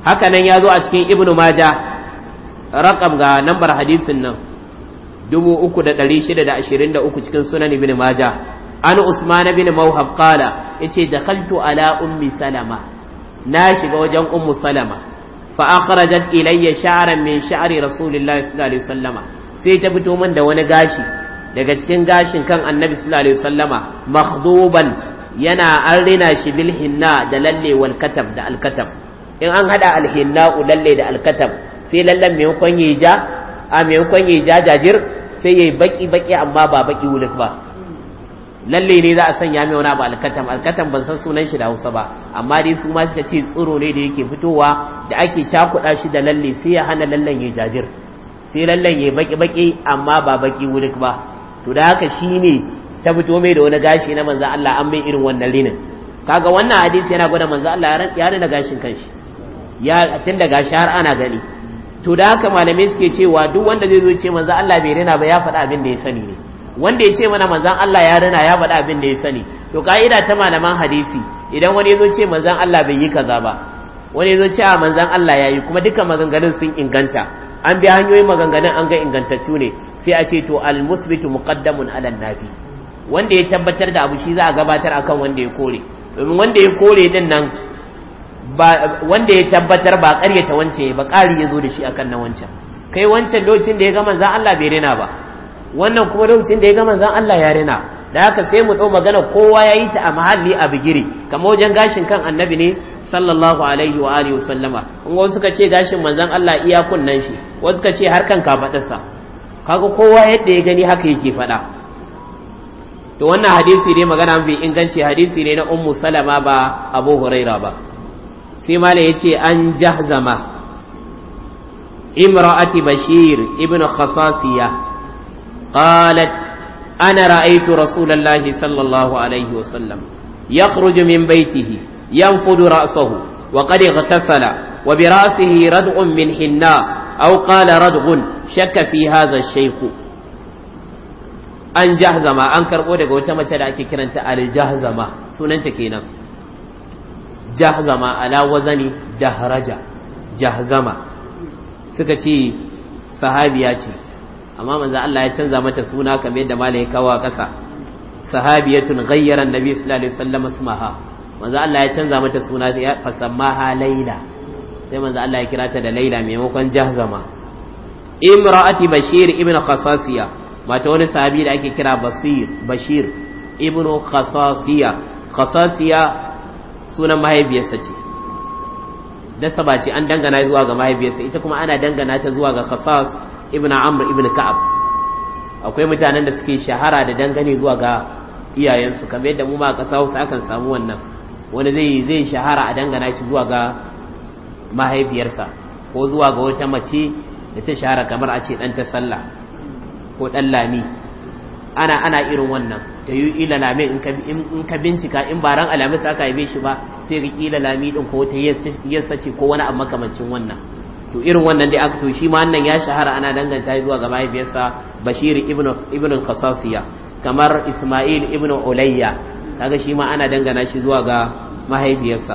haka nan ya zo a cikin ibnu maja raqam lambar hadisin nan 3623 cikin sunan ibn maja an usman ibn mawhab qala yace dakhaltu ala ummi salama na shiga wajen ummu salama fa akhrajat ilayya sha'ran min sha'ri rasulillahi sallallahu alaihi wasallama sai ta fito min da wani gashi daga cikin gashin kan annabi sallallahu alaihi wasallama makhduban yana an rina shi bil hinna da lalle wal katab da alkatab in an hada alhinna lalle da alkatab sai lallan maimakon yi ja a maimakon yi ja jajir sai yayi baki baki amma ba baki wuluk ba lalle ne za a sanya mai wani abu alkatam alkatam ban san sunan shi da Hausa ba amma dai su ma suka ce tsiro ne da yake fitowa da ake cakuɗa shi da lalle sai ya hana lallen ya jajir sai lallen ya baki baki amma ba baki wuluk ba to da haka shine ta fito mai da wani gashi na manzo Allah an mai irin wannan linin kaga wannan hadisi yana gwada manzo Allah ya rana gashin kanshi ya tun daga har ana gani to da haka malamai suke cewa duk wanda zai zo ce manzan Allah bai rina ba ya faɗa abin da ya sani ne wanda ya ce mana manzan Allah ya rina ya faɗa abin da ya sani to ka'ida ta malaman hadisi idan wani zo ce manzan Allah bai yi kaza ba wani zo ce a manzan Allah ya yi kuma dukkan maganganun sun inganta an bi hanyoyin maganganun an ga ingantattu ne sai a ce to al musbitu muqaddamun ala nafi wanda ya tabbatar da abu shi za a gabatar akan wanda ya kore domin wanda ya kore din nan wanda ya tabbatar ba karyata wance ba ƙari ya zo da shi akan na wancan kai wancan lokacin da ya ga manzan Allah bai rena ba wannan kuma lokacin da ya ga manzan Allah ya rena da haka sai mu ɗau magana kowa ya yi ta a mahalli a bigire kamar wajen gashin kan annabi ne sallallahu alaihi wa alihi sallama in wasu suka ce gashin manzan Allah iya kunnan shi wasu suka ce har kan kafaɗarsa kaga kowa yadda ya gani haka yake faɗa to wannan hadisi ne magana mafi inganci hadisi ne na ummu salama ba abu huraira ba sai mala ya ce an jahzama imra'ati bashir ibn khasasiya qalat ana ra'aytu rasulallahi sallallahu alaihi wasallam yakhruju min baitihi yanfudu ra'sahu wa qad ightasala wa bi ra'sihi rad'un min hinna aw qala rad'un shakka fi hadha ash-shaykh an jahzama an karbo daga wata mace da ake kiranta al-jahzama sunanta kenan jahzama ala wazani dahraja jahzama suka ce sahabiya ce amma manzo Allah ya canza mata suna kamar yadda malai kawa kasa sahabiyatun ghayyara annabi sallallahu alaihi wasallam ismaha manzo Allah ya canza mata suna ya ha laila sai manzo Allah ya kira ta da laila maimakon jahzama imra'ati bashir ibn khasasiya mata wani sahabi da ake kira basir bashir ibn khasasiya khasasiya sunan mahaifiyarsa ce dasa ba ce an dangana zuwa ga mahaifiyarsa ita kuma ana dangana ta zuwa ga khasas ibn amr ibn ka'ab akwai mutanen da suke shahara da dangane zuwa ga iyayensu kamar yadda mu ma sau sai akan samu wannan wani zai zai shahara a dangana shi zuwa ga mahaifiyarsa ko zuwa ga wata mace da ta shahara kamar a ce dan ta sallah ko dan lami ana ana irin wannan da yi ila lami in ka bincika in baran alamis aka haife shi ba sai ga ila lami din ko ta yassa ce ko wani amma makamancin wannan to irin wannan dai aka to shi ma wannan ya shahara ana danganta zuwa ga mahaifiyarsa bashir ibn ibn khasasiya kamar isma'il ibn ulayya kaga shi ma ana dangana shi zuwa ga mahaifiyarsa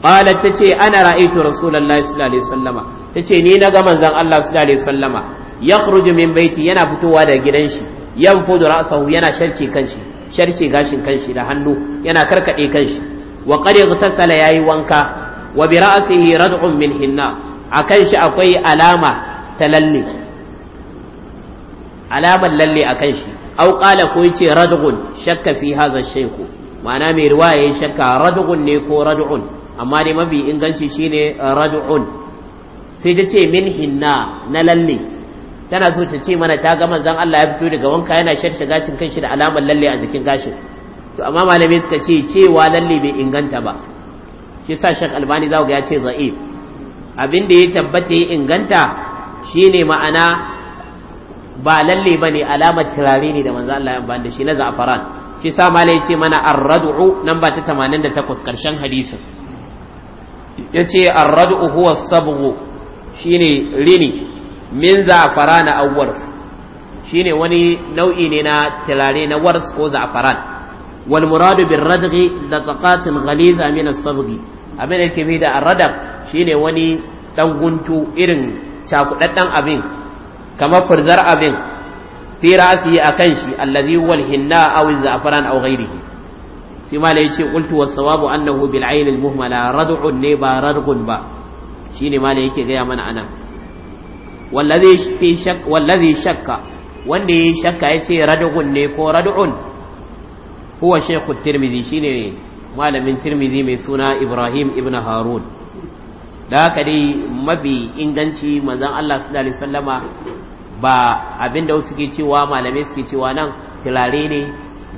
qalat tace ana ra'aytu rasulullahi sallallahu alaihi wasallama tace ni ga manzon Allah sallallahu alaihi wasallama yakhruju min baiti yana fitowa da gidan shi yanfudu ra'sahu yana sharce kanshi sharce gashin kanshi da hannu yana karkade kanshi wa qad ightasala yayi wanka wa bi ra'sihi rad'un min hinna akan shi akwai alama ta lalle alamar lalle akan shi aw qala ko yace rad'un shakka fi hadha shaykhu ma'ana mai riwaya yayi shakka rad'un ne ko rad'un amma dai mabi inganci shine rad'un sai ta ce min hinna na lalle tana so ta ce mana ta ga manzon Allah ya fito daga wanka yana sharshe gashin kanshi da alamar lalle a jikin gashin to amma malamai suka ce cewa lalle bai inganta ba shi sa Sheikh Albani zaku ga ya ce za'if abin da ya tabbata ya inganta shine ma'ana ba lalle bane alamar turare ne da manzon Allah ya amfani da shi na za'afaran shi sa ya ce mana ar-rad'u nan ba ta 88 karshen hadisin yace ar-rad'u huwa as-sabghu shine rini min za'afaran awwars shine wani nau'i ne na tilare na wars ko za'afaran wal muradu bir radghi lataqatin ghaliza min as-sabghi abin da ke da ar shine wani dan guntu irin cakudaddan abin kamar furzar abin fi a akan shi allazi wal hinna aw az-za'afaran aw ghayrihi sai ma yace qultu was-sawabu annahu bil ayn al-muhmala rad'un ne ba radghun ba shine ma yake ga mana anan wallazi shakka wanda ya shakka ce radu'un ne ko rad'un huwa shaykhu tirmidhi shine malamin tirmidhi mai suna ibrahim ibn harun da haka dai mabi inganci manzon Allah sallallahu alaihi wasallama ba abinda wasu ke cewa malamai suke cewa nan filare ne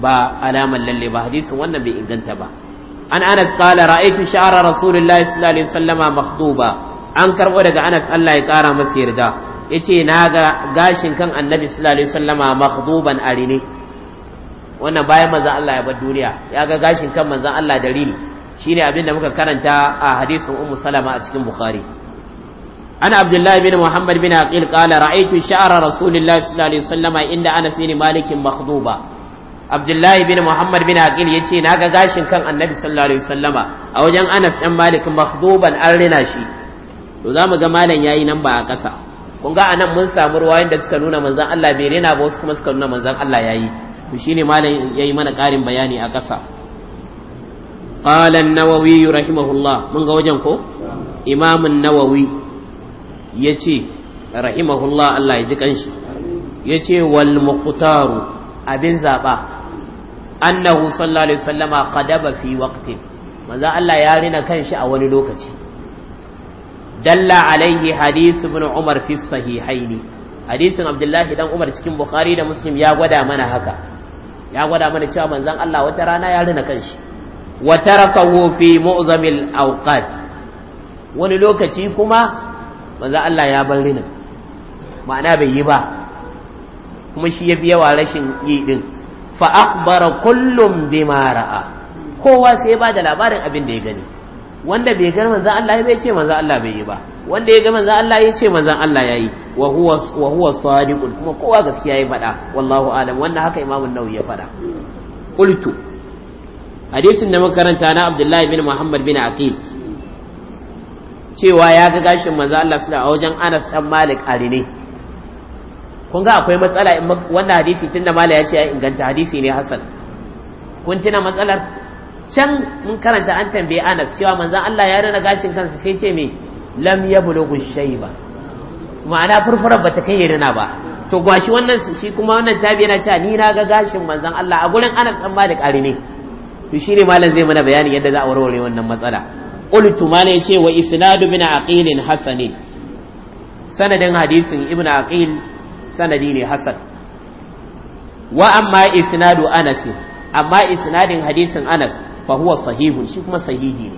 ba alamar lalle ba hadisin wannan bai inganta ba an anas qala ra'aytu sha'ra rasulillahi sallallahu alaihi wasallama makhduba an karbo daga Anas Allah ya kara masa yarda ya ce na ga gashin kan Annabi sallallahu alaihi wasallama makhduban arini wannan bayan manzon Allah ya bar duniya ya ga gashin kan manzon Allah da rini shine abin da muka karanta a hadisin Ummu Salama a cikin Bukhari أنا عبد الله بن محمد بن عقيل قال رأيت شعر رسول الله صلى الله عليه وسلم عند أنس بن مالك مخضوبا abdullahi bin muhammad bin aqil yace na ga gashin kan annabi sallallahu alaihi wasallama a wajen anas dan malik makhduban an rina shi to za mu ga malam yayi nan ba a ƙasa kun ga anan mun samu ruwa da suka nuna manzon Allah bai rena ba wasu kuma suka nuna manzon Allah yayi to shine malam yayi mana ƙarin bayani a ƙasa qala an-nawawi rahimahullah mun ga wajen ko imam an-nawawi yace rahimahullah Allah ya ji kanshi yace wal muqtaru abin zaba annahu sallallahu alaihi wasallama qadaba fi waqtin manzon Allah ya rina kanshi a wani lokaci dalla alaihi hadith ibn umar fi sahihaini hadisin abdullahi dan umar cikin bukhari da muslim ya gwada mana haka ya gwada mana cewa manzon Allah wata rana ya rina kanshi wa tarakahu fi mu'zamil awqat wani lokaci kuma manzon Allah ya bar rina ma'ana bai yi ba kuma shi ya fi yawa rashin yi din fa akhbara kullum bima ra'a kowa sai ya bada labarin abin da ya gani wanda bai ga manzon Allah bai ce manzon Allah bai yi ba wanda ya ga manzon Allah ya ce manzon Allah ya yi wa huwa wa huwa sadiqun kuma kowa gaskiya ya faɗa wallahu alam wannan haka imamu Nawawi ya faɗa qultu hadisin da makaranta na Abdullahi bin Muhammad bin Aqil cewa ya ga gashin manzon Allah suna a wajen Anas dan Malik arine kun ga akwai matsala wannan hadisi tunda Malik ya ce ya inganta hadisi ne hasan kun tuna matsalar can mun karanta an tambaye Anas cewa manzon Allah ya rana gashin kansa sai ce me lam yablughu shayba ma'ana furfurar ta kai yarina ba to gwashi wannan shi kuma wannan tabi yana cewa ni na ga gashin manzon Allah a gurin Anas dan da ƙari ne to shi ne malam zai mana bayani yadda za a warware wannan matsala qultu malam ce wa isnadu bin aqilin hasani sanadin hadisin ibnu aqil sanadi ne hasan wa amma isnadu anas amma isnadin hadisin anas fahuwa sahihu sahihun shi kuma sahihi ne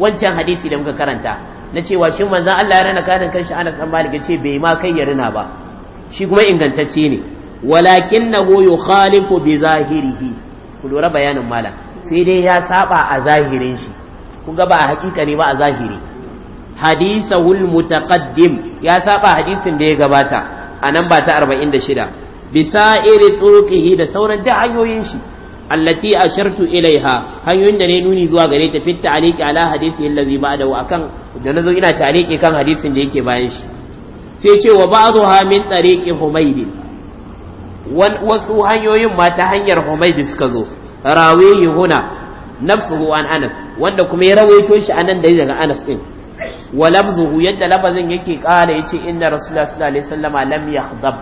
wancan hadisi da muka karanta na cewa shin manzan Allah ya rana kanin kanshi ana dan Malik ce bai ma kai ya rina ba shi kuma ingantacce ne walakinahu yukhalifu bi zahirihi ku lura bayanin mala sai dai ya saba a zahirin shi ku ga ba hakika ne ba a zahiri hadisahul mutaqaddim ya saba hadisin da ya gabata a ba ta 46 bisa sa'iri turqihi da sauran da hanyoyin shi allati ashartu ilaiha hanyoyin da ne nuni zuwa gare ta fitta aliki ala hadisi allazi ba'da akan da nazo ina tariki kan hadisin da yake bayan shi sai ce wa ba'dha min tariqi humayd wasu hanyoyin ma ta hanyar humaid suka zo rawihi huna nafsuhu an anas wanda kuma ya rawaito shi anan da daga anas din wa lafzuhu yadda lafazin yake kara yace inna rasulullahi sallallahu alaihi wasallama lam yakhdab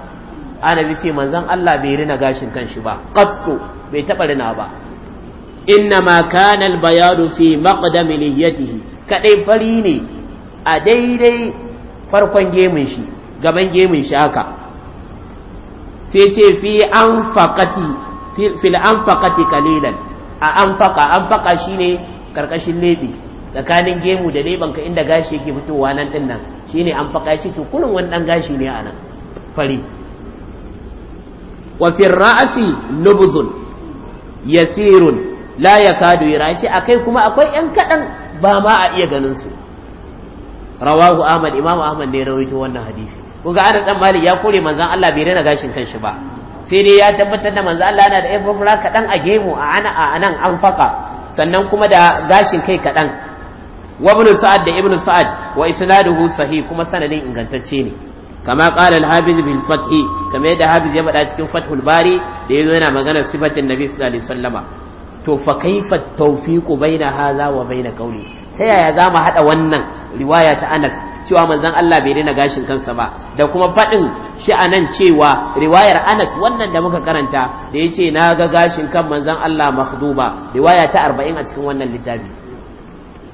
ana yace manzon Allah bai rina gashin kanshi ba qattu bai taɓa rina ba inna ma kana albayadu fi maqdami liyatihi kadai fari ne a daidai farkon gemin shi gaban gemin shi haka sai ce fi anfaqati fil anfaqati qalilan a anfaqa anfaqa shine karkashin lebi tsakanin gemu da leban ka inda gashi yake fitowa nan din nan shine anfaqa ce to kullun wani dan gashi ne anan fari wa fi ra'si lubzun yasirun la yakadu yara ce akai kuma akwai yan kaɗan ba ma a iya ganinsu. su rawahu ahmad imamu ahmad ne rawaito wannan hadisi kuga ana dan malik ya kore manzan Allah bai rena gashin kanshi ba sai dai ya tabbatar da manzan Allah yana da ɗan babura kaɗan a gemu a ana a anan an faka sannan kuma da gashin kai kaɗan wa ibn sa'ad da Ibnu sa'ad wa isnaduhu sahih kuma sanadin ingantacce ne kama qala al-hafiz bil da kamar ya faɗa cikin fathul bari da ya zo yana magana sifatin nabi sallallahu alaihi wasallama to fa kaifa tawfiqu baina hadha wa baina qawli ta yaya za mu hada wannan riwaya ta Anas cewa manzon Allah bai daina gashin kansa ba da kuma faɗin shi a nan cewa riwayar Anas wannan da muka karanta da ya ce na ga gashin kan manzon Allah makhduba riwaya ta arba'in a cikin wannan littafi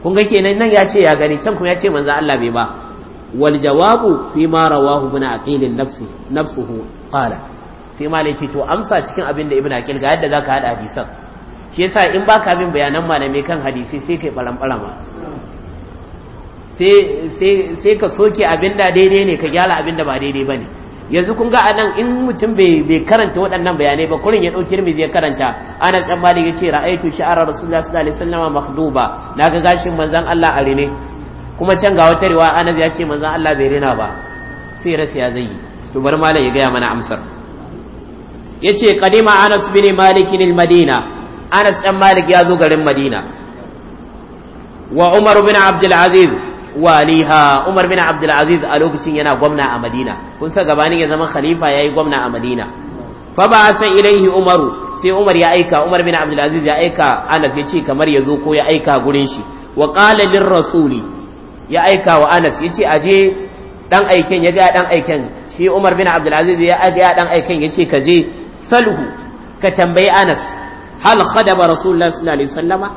kun ga kenan nan ya ce ya gani can kuma ya ce manzon Allah bai ba wal jawabu fi ma rawahu ibn aqil nafsi nafsuhu sai malai to amsa cikin abin da ibn aqil ga yadda zaka hada hadisan shi yasa in baka bin bayanan malamai kan hadisi sai kai barambarama sai sai ka soke abinda daidai ne ka gyara abinda ba daidai bane yanzu kun ga anan in mutum bai karanta waɗannan bayanai ba kurin ya ɗauki rimiz ya karanta anas dan malik ya ce ra'aytu sha'ara rasulullahi sallallahu alaihi wasallam makhduba naga gashin manzon Allah a rine kuma can ga wata riwaya anas ya ce manzon Allah bai rena ba sai rasa ya zai to bar malam ya gaya mana amsar yace qadima anas bin malik al madina anas dan malik ya zo garin madina wa umar bin abdul aziz waliha umar bin abdul aziz a lokacin yana gwamna a madina kun sa gabanin ya zama khalifa yayi gwamna a madina fa ba san ilaihi umaru sai umar ya aika umar bin abdul aziz ya aika anas ya ce kamar ya zo ko ya aika gurin shi wa qala lir rasuli ya aika wa anas ya ce aje ɗan aiken ya ga ɗan aiken shi umar bin abdulaziz ya ga ɗan aiken ya ce ka je salhu ka tambayi anas hal khadaba rasulullahi sallallahu alaihi wasallama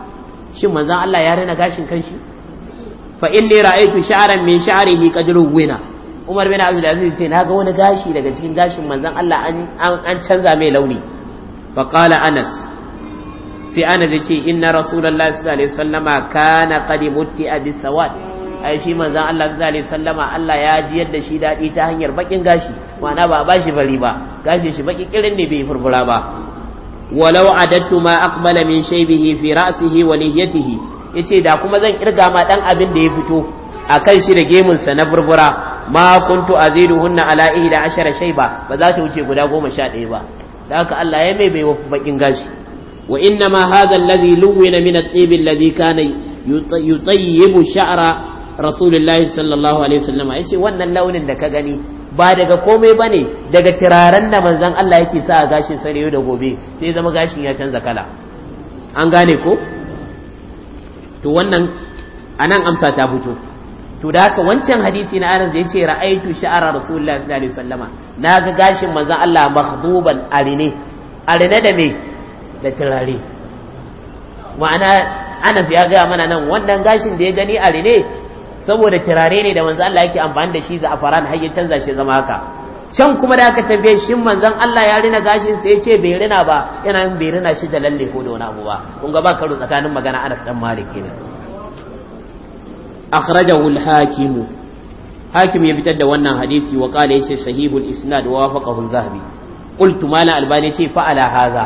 shin manzon Allah ya rena gashin kanshi fa inni ra'aytu sha'ran min sha'rihi qad wina? umar bin abdulaziz ce na ga wani gashi daga cikin gashin manzon Allah an canza mai launi fa qala anas sai anas ya ce inna rasulullahi sallallahu alaihi wasallama kana qad mutti abi sawad ai shi manzon Allah sallallahu alaihi wasallama Allah ya ji yadda shi dadi ta hanyar bakin gashi ma'ana ba bashi bari ba gashi shi baki kirin ne bai furfura ba walau adattu ma aqbala min shaybihi fi ra'sihi wa lihyatihi yace da kuma zan kirga ma dan abin da ya fito akan shi da gemun sa na burbura ma kuntu aziduhunna ala 11 shayba ba za ta wuce guda goma sha ɗaya ba da haka Allah ya mai bai wafi bakin gashi ma وإنما هذا الذي لون من الطيب الذي kana يطيب shara rasulullahi sallallahu alaihi wasallam ya ce wannan launin da ka gani ba daga komai bane daga turaren da manzon Allah yake sa a gashin yau da gobe sai zama gashin ya canza kala an gane ko to wannan anan amsa ta fito to da haka wancan hadisi na anas ya ce ra'aitu sha'ara rasulullahi sallallahu alaihi wasallam na ga gashin manzon Allah mahduban arine arine da me da turare ma'ana anas ya gaya mana nan wannan gashin da ya gani arine saboda turare ne da manzo Allah yake amfani da shi za'afaran har ya canza shi zama haka can kuma da aka tambaye shin manzon Allah ya rina gashin sai ya ce bai rina ba yana yin bai rina shi da lalle ko da wani abu ba kun ga ba karo tsakanin magana Anas dan Malik ne. akhrajahu al-hakim hakim ya fitar da wannan hadisi wa qala yace sahihul isnad wa wafaqahu zahabi qultu mala albani ce fa ala hadha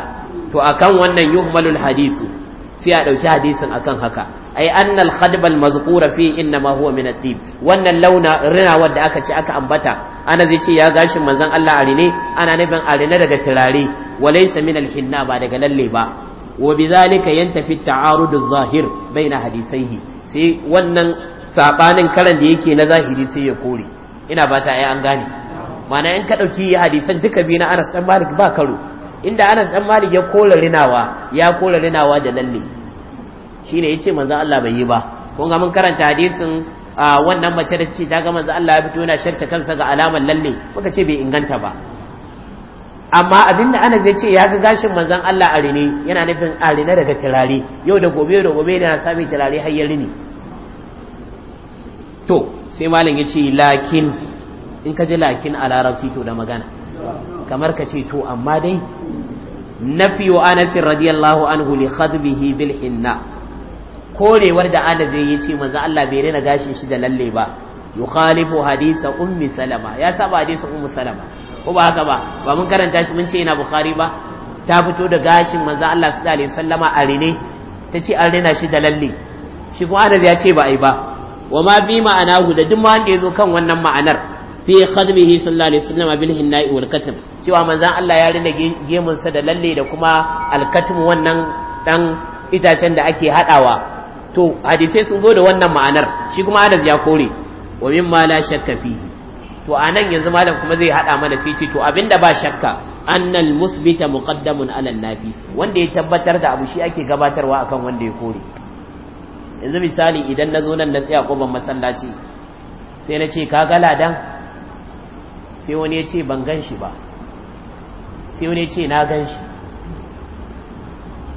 to akan wannan yuhmalul hadisu sai a dauki hadisin akan haka ai annal khadbal mazkura fi inna ma huwa min at-tib wannan launa rina wanda aka ce aka ambata ana zai ce ya gashin manzon Allah rine ana nufin rine daga turare walaysa min al-hinna ba daga lalle ba wa zalika yantafi taarud adh-dhahir baina hadisaihi sai wannan sabanin karan da yake na zahiri sai ya kore ina ba ta ai an gane ma'ana in ka dauki hadisan duka biyu na Anas dan Malik ba karo inda Anas dan Malik ya kore rinawa ya kore rinawa da lalle shine yace manzan Allah bai yi ba kun ga mun karanta hadisin wannan mace da ce daga manzan Allah ya fito yana sharce kansa ga alamar lalle muka ce bai inganta ba amma abin da Anas ya ce ya ga gashin manzan Allah a rine yana nufin a rine daga turare yau da gobe da gobe yana sami turare har ya rine to sai malam ya ce lakin in ka ji lakin a larabci to da magana kamar ka ce to amma dai nafi wa anasin radiyallahu anhu li khadbihi bil hinna korewar da ana zai yi ce manzo Allah bai rina gashin shi da lalle ba yukhalifu hadisa ummi salama ya saba hadisa ummi salama ko ba haka ba ba mun karanta shi mun ce yana bukhari ba ta fito da gashin manzo Allah sallallahu alaihi wasallama a rene ta ce an rena shi da lalle shi kuma ana ya ce ba a yi ba wa ma bi ma'ana da duk ma wanda ya zo kan wannan ma'anar fi khadmihi sallallahu alaihi wasallama bil hinna'i wal cewa manzon Allah ya rena gemunsa da lalle da kuma al wannan dan itacen da ake hadawa to hadisai sun zo da wannan ma'anar shi kuma Anas ya kore wa ma la shakka fihi to anan yanzu malam kuma zai hada mana sai ce to abinda ba shakka annal musbita muqaddamun ala nafi wanda ya tabbatar da abu shi ake gabatarwa akan wanda ya kore yanzu misali idan nazo nan na tsaya koban masallaci sai na ce ka ga ladan sai wani ya ce ban gan shi ba sai wani ya ce na gan shi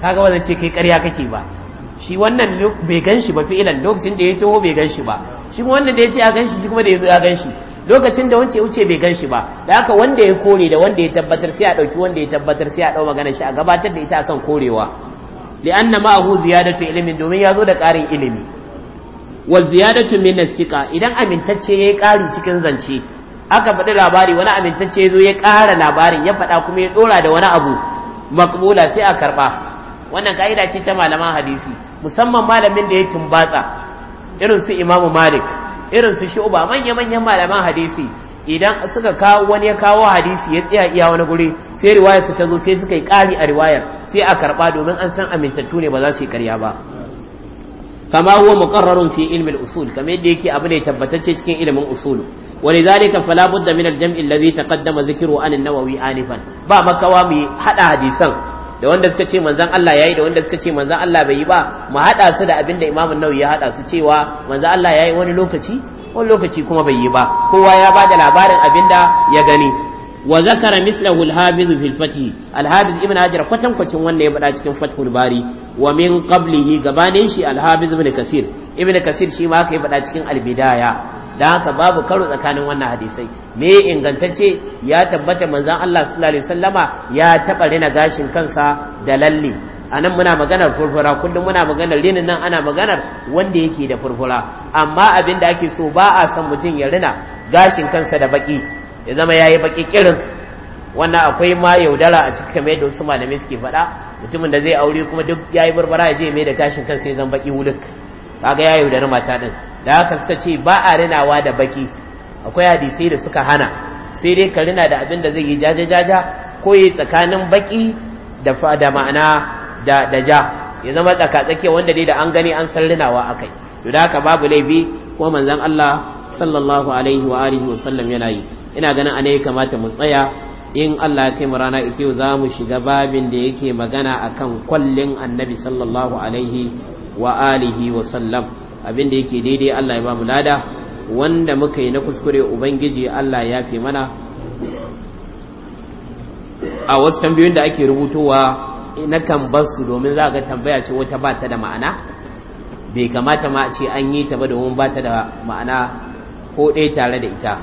kaga wannan ce kai ƙarya kake ba shi wannan bai gan shi ba fi'ilan lokacin da ya taho bai gan shi ba shi wanda da ya ce a gan shi shi kuma da ya zo ya gan shi lokacin da wance wuce bai gan shi ba da haka wanda ya kore da wanda ya tabbatar sai a ɗauki wanda ya tabbatar sai a ɗau magana shi a gabatar da ita akan korewa li'anna ma'ahu ziyadatu ilimin domin ya zo da ƙarin ilimi wa ziyadatu min nasika idan amintacce yayi ƙari cikin zance aka faɗi labari wani amintacce ya zo ya ƙara labarin ya faɗa kuma ya ɗora da wani abu makbula sai a karɓa wannan ka'ida ce ta malaman hadisi musamman malamin da ya tumbatsa irin su imamu malik irin su shuba manya manyan malaman hadisi idan suka kawo wani ya kawo hadisi ya tsaya iya wani guri sai riwayar su ta zo sai suka yi ƙari a riwayar sai a karɓa domin an san amintattu ne ba za su yi ƙarya ba kama huwa muqarrarun fi ilmi al-usul kamar yadda yake abu ne tabbatacce cikin ilimin usul ولذلك فلا بد من الجمع الذي تقدم ذكره عن النووي آنفا با مكوا مي حدا حديثا da wanda suka ce manzan Allah ya yi da wanda suka ce manzan Allah bai yi ba mu haɗa su da abinda imamun nau'i ya hada su cewa manzan Allah ya yi wani lokaci wani lokaci kuma bai yi ba kowa ya ba da labarin abin da ya gani wa zakara mislahu al-hafiz fil fath al ibn hajar kwatan kwacin wanda ya bada cikin fathul bari wa min qablihi gabanin shi al ibn kasir ibn kasir shi ma kai bada cikin al da haka babu karo tsakanin wannan hadisai me ingantacce ya tabbata manzon Allah sallallahu alaihi wasallama ya taba rina gashin kansa da lalle anan muna maganar furfura kullum muna maganar rinin nan ana maganar wanda yake da furfura amma abin da ake so ba a san mutum ya rina gashin kansa da baki ya zama yayi baki kirin wannan akwai ma yaudara a cikin kamar yadda wasu malamai suke faɗa mutumin da zai aure kuma duk yayi barbara ya je mai da gashin kansa ya zama baki wuluk kaga ya yaudari mata din da haka suka ce ba a rinawa da baki akwai hadisi da suka hana sai dai ka rina da abin da zai yi jaja jaja ko yi tsakanin baki da da ma'ana da da ja ya zama tsaka tsake wanda dai da an gani an san rinawa akai to da haka babu laifi ko manzon Allah sallallahu alaihi wa alihi wa sallam yana yi ina ganin anai kamata mu tsaya in Allah ya kai mu rana ita za mu shiga babin da yake magana akan kwallin annabi sallallahu alaihi wa alihi wa sallam abinda yake daidai Allah ya ba mu lada wanda muka yi na kuskure ubangiji Allah ya fi mana a wasu tambayoyin da ake rubutowa na kan basu domin za ga tambaya ce wata ba ta da ma'ana bai kamata ma ce an yi ta ba domin ba ta da ma'ana ko ɗaya tare da ita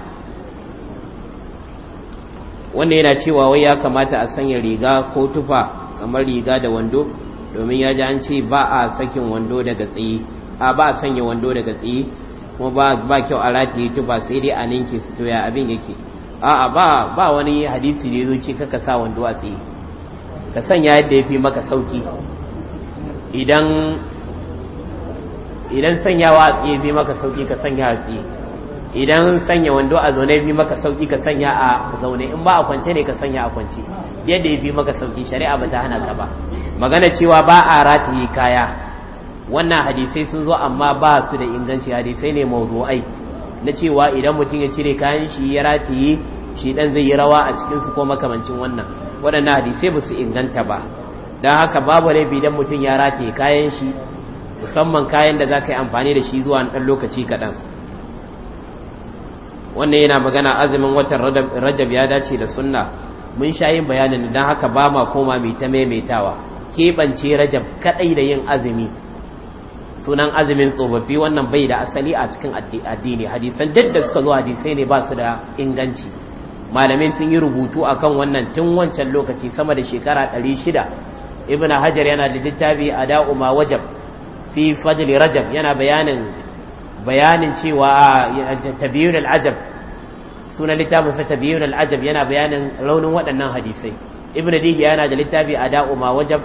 wanda yana cewa wai ya kamata a sanya riga ko tufa kamar riga da wando domin ya ji an ce ba a sakin wando daga tsaye a ba a sanya wando daga tsaye kuma ba kyau a yi tufa sai dai a ninke su to ya abin yake a ba ba wani hadisi da zo ce kaka sa wando a tsaye ka sanya yadda ya fi maka sauki idan idan sanyawa a tsaye fi maka sauki ka sanya a tsaye idan sanya wando a zaune bi maka sauki ka sanya a zaune in ba a kwance ne ka sanya a kwance yadda ya bi maka sauki shari'a ba ta hana ka ba magana cewa ba a rataye kaya wannan hadisai sun zo amma ba su da inganci hadisai ne mawdu'ai na cewa idan mutum ya cire kayan shi ya rataye shi dan zai yi rawa a cikin su ko makamancin wannan waɗannan hadisai ba su inganta ba don haka babu laifi idan mutum ya rataye kayan shi musamman kayan da za ka yi amfani da shi zuwa ɗan lokaci kaɗan wannan yana magana azumin watan rajab ya dace da sunna mun sha yin bayanin don haka ba ma koma mai ta maimaitawa keɓance rajab kaɗai da yin azumi sunan azumin tsofaffi wannan bai da asali a cikin addini hadisan duk da suka zo hadisai ne ba su da inganci Malamin sun yi rubutu akan wannan tun wancan lokaci sama da shekara 600 ibn hajar yana da littafi a da'uma wajab fi fadli rajab yana bayanin bayanin cewa tabiyun al'ajab sunan littafin sa tabiyun al'ajab yana bayanin raunin waɗannan hadisai ibn dihi yana da littafi a ada'u ma wajab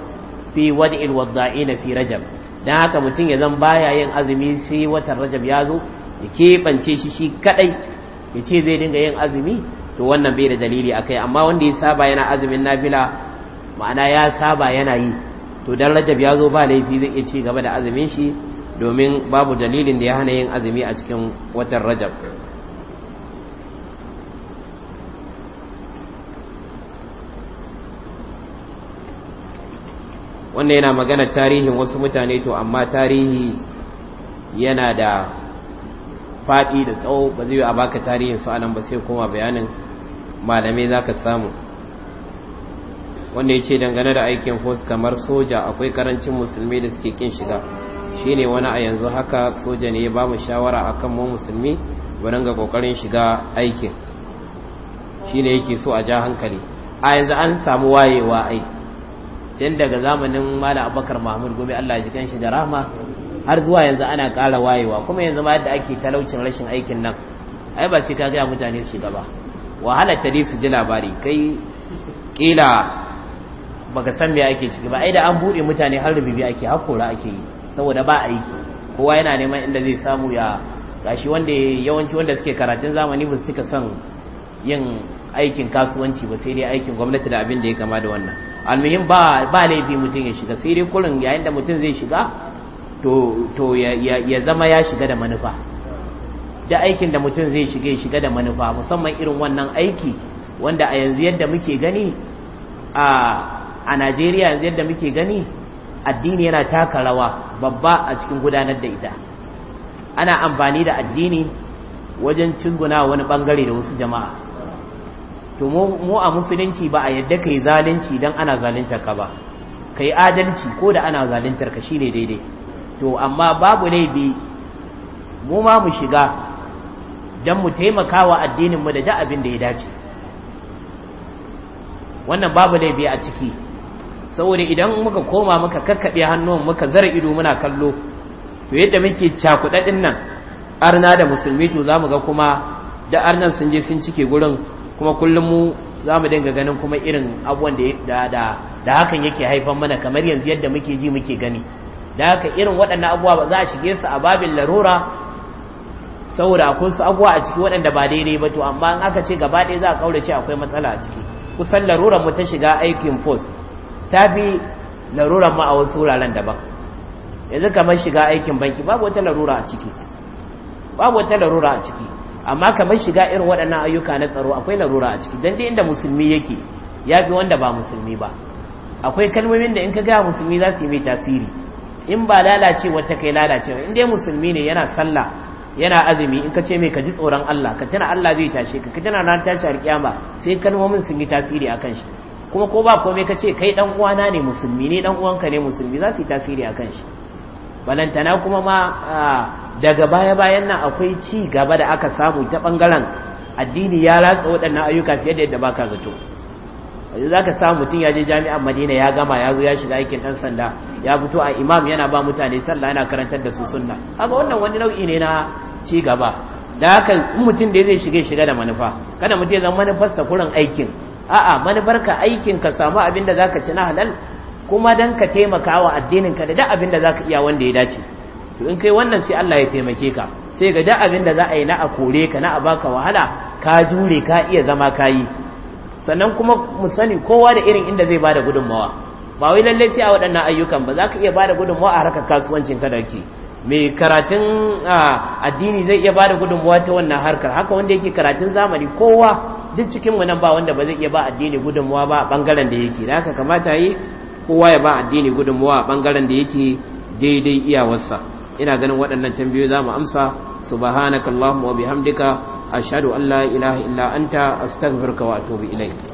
fi wad'il wadda'ina fi rajab don haka mutum ya zan baya yin azumi sai watan rajab ya zo ya keɓance shi shi kaɗai ya ce zai dinga yin azumi to wannan bai da dalili a kai amma wanda ya saba yana azumin nafila ma'ana ya saba yana yi to don rajab ya zo ba laifi zai iya ci gaba da azumin shi domin babu dalilin da ya hana yin azumi a cikin watan rajab wannan yana magana tarihin wasu mutane to amma tarihi yana da faɗi da tsawo ba zai a baka tarihin su anan ba sai kuma bayanin malamai za ka samu wanda ya ce dangane da aikin fos kamar soja akwai karancin musulmi da suke kin shiga Shi ne wani a yanzu haka soja ne ba mu shawara akan mu musulmi wurin ga kokarin shiga aikin shi ne yake so a ja hankali a yanzu an samu wayewa ai tun daga zamanin malam abubakar mahmud gobe, allah ji kan shi da rahama har zuwa yanzu ana ƙara wayewa kuma yanzu ma yadda ake talaucin rashin aikin nan ai ba sai ka gaya mutane su gaba wahalar ta su ji labari kai kila baka san me ake ciki ba ai da an buɗe mutane har rububi ake hakora ake yi saboda ba aiki kowa yana neman inda zai samu ya gashi wanda yawanci wanda suke karatun zamani ba su cika son yin aikin kasuwanci ba sai dai aikin gwamnati da abin da ya kama da wannan almuhim ba ba laifi mutum ya shiga sai dai kurin yayin da mutum zai shiga to to ya zama ya shiga da manufa da aikin da mutum zai shiga ya shiga da manufa musamman irin wannan aiki wanda a yanzu yadda muke gani a a Najeriya yanzu yadda muke gani addini yana taka rawa babba a cikin gudanar da ita ana amfani da addini wajen cinguna wani bangare da wasu jama'a to mu a musulunci ba a yadda kai zalunci dan ana zaluntar ka ba kai adalci ko da ana zaluntar ka shine daidai to amma babu laifi mu ma mu shiga dan mu taimaka wa addinin mu da da abin da ya dace wannan babu laifi a ciki saboda idan muka koma muka kakkaɓe hannun muka zara ido muna kallo to yadda muke cakuɗaɗin nan arna da musulmi to za mu ga kuma da arnan sun je sun cike gurin kuma kullum mu za mu dinga ganin kuma irin abuwan da da hakan yake haifan mana kamar yanzu yadda muke ji muke gani da haka irin waɗannan abubuwa ba za a shige su a babin larura saboda akwai su abubuwa a ciki waɗanda ba daidai ba to amma in aka ce gaba ɗaya za a kaurace akwai matsala a ciki kusan larurar mu ta shiga aikin post ta fi larurar ma a wasu wuraren daban yanzu kamar shiga aikin banki babu wata larura a ciki babu wata larura a ciki amma kamar shiga irin waɗannan ayyuka na tsaro akwai larura a ciki don dai inda musulmi yake ya fi wanda ba musulmi ba akwai kalmomin da in ka gaya musulmi za su yi mai tasiri in ba lalace wata kai lalace in dai musulmi ne yana sallah yana azumi in ka ce mai ka ji tsoron Allah ka tana Allah zai tashe ka ka tana ran tashi alƙiyama sai kalmomin sun yi tasiri akan shi kuma ko ba komai ka ce kai dan uwana ne musulmi ne dan uwanka ne musulmi za su yi tasiri akan shi balantana kuma ma daga baya bayan nan akwai ci gaba da aka samu ta bangaren addini ya ratsa waɗannan ayyuka fiye da yadda baka zato yanzu za ka samu mutum ya je jami'an madina ya gama ya zo ya shiga aikin ɗan sanda ya fito a imam yana ba mutane sallah yana karantar da su sunna haka wannan wani nau'i ne na ci gaba da haka in mutum da zai shige shiga da manufa kada mutum ya zama manufarsa kurin aikin a'a manufar ka aikin ka samu abin da zaka ci na halal kuma dan ka taimaka wa addinin ka da duk abin da zaka iya wanda ya dace to in kai wannan sai Allah ya taimake ka sai ga da abin da za a yi na a kore ka na a baka wahala ka jure ka iya zama kayi sannan kuma mu sani kowa da irin inda zai bada gudunmawa ba wai lallai sai a waɗannan ayyukan ba za ka iya bada gudunmawa a harkar kasuwancin ka da ke mai karatun addini zai iya ba da gudunmuwa ta wannan harkar haka wanda yake karatun zamani kowa duk cikin nan ba wanda ba zai iya ba addini gudunmuwa ba a bangaren da yake da haka kamata yi kowa ya ba addini gudunmuwa a bangaren da yake daidai iyawarsa ina ganin waɗannan tambayoyi za mu amsa subhanakallahumma wa bihamdika ashhadu an la ilaha illa anta astaghfiruka wa atubu ilaik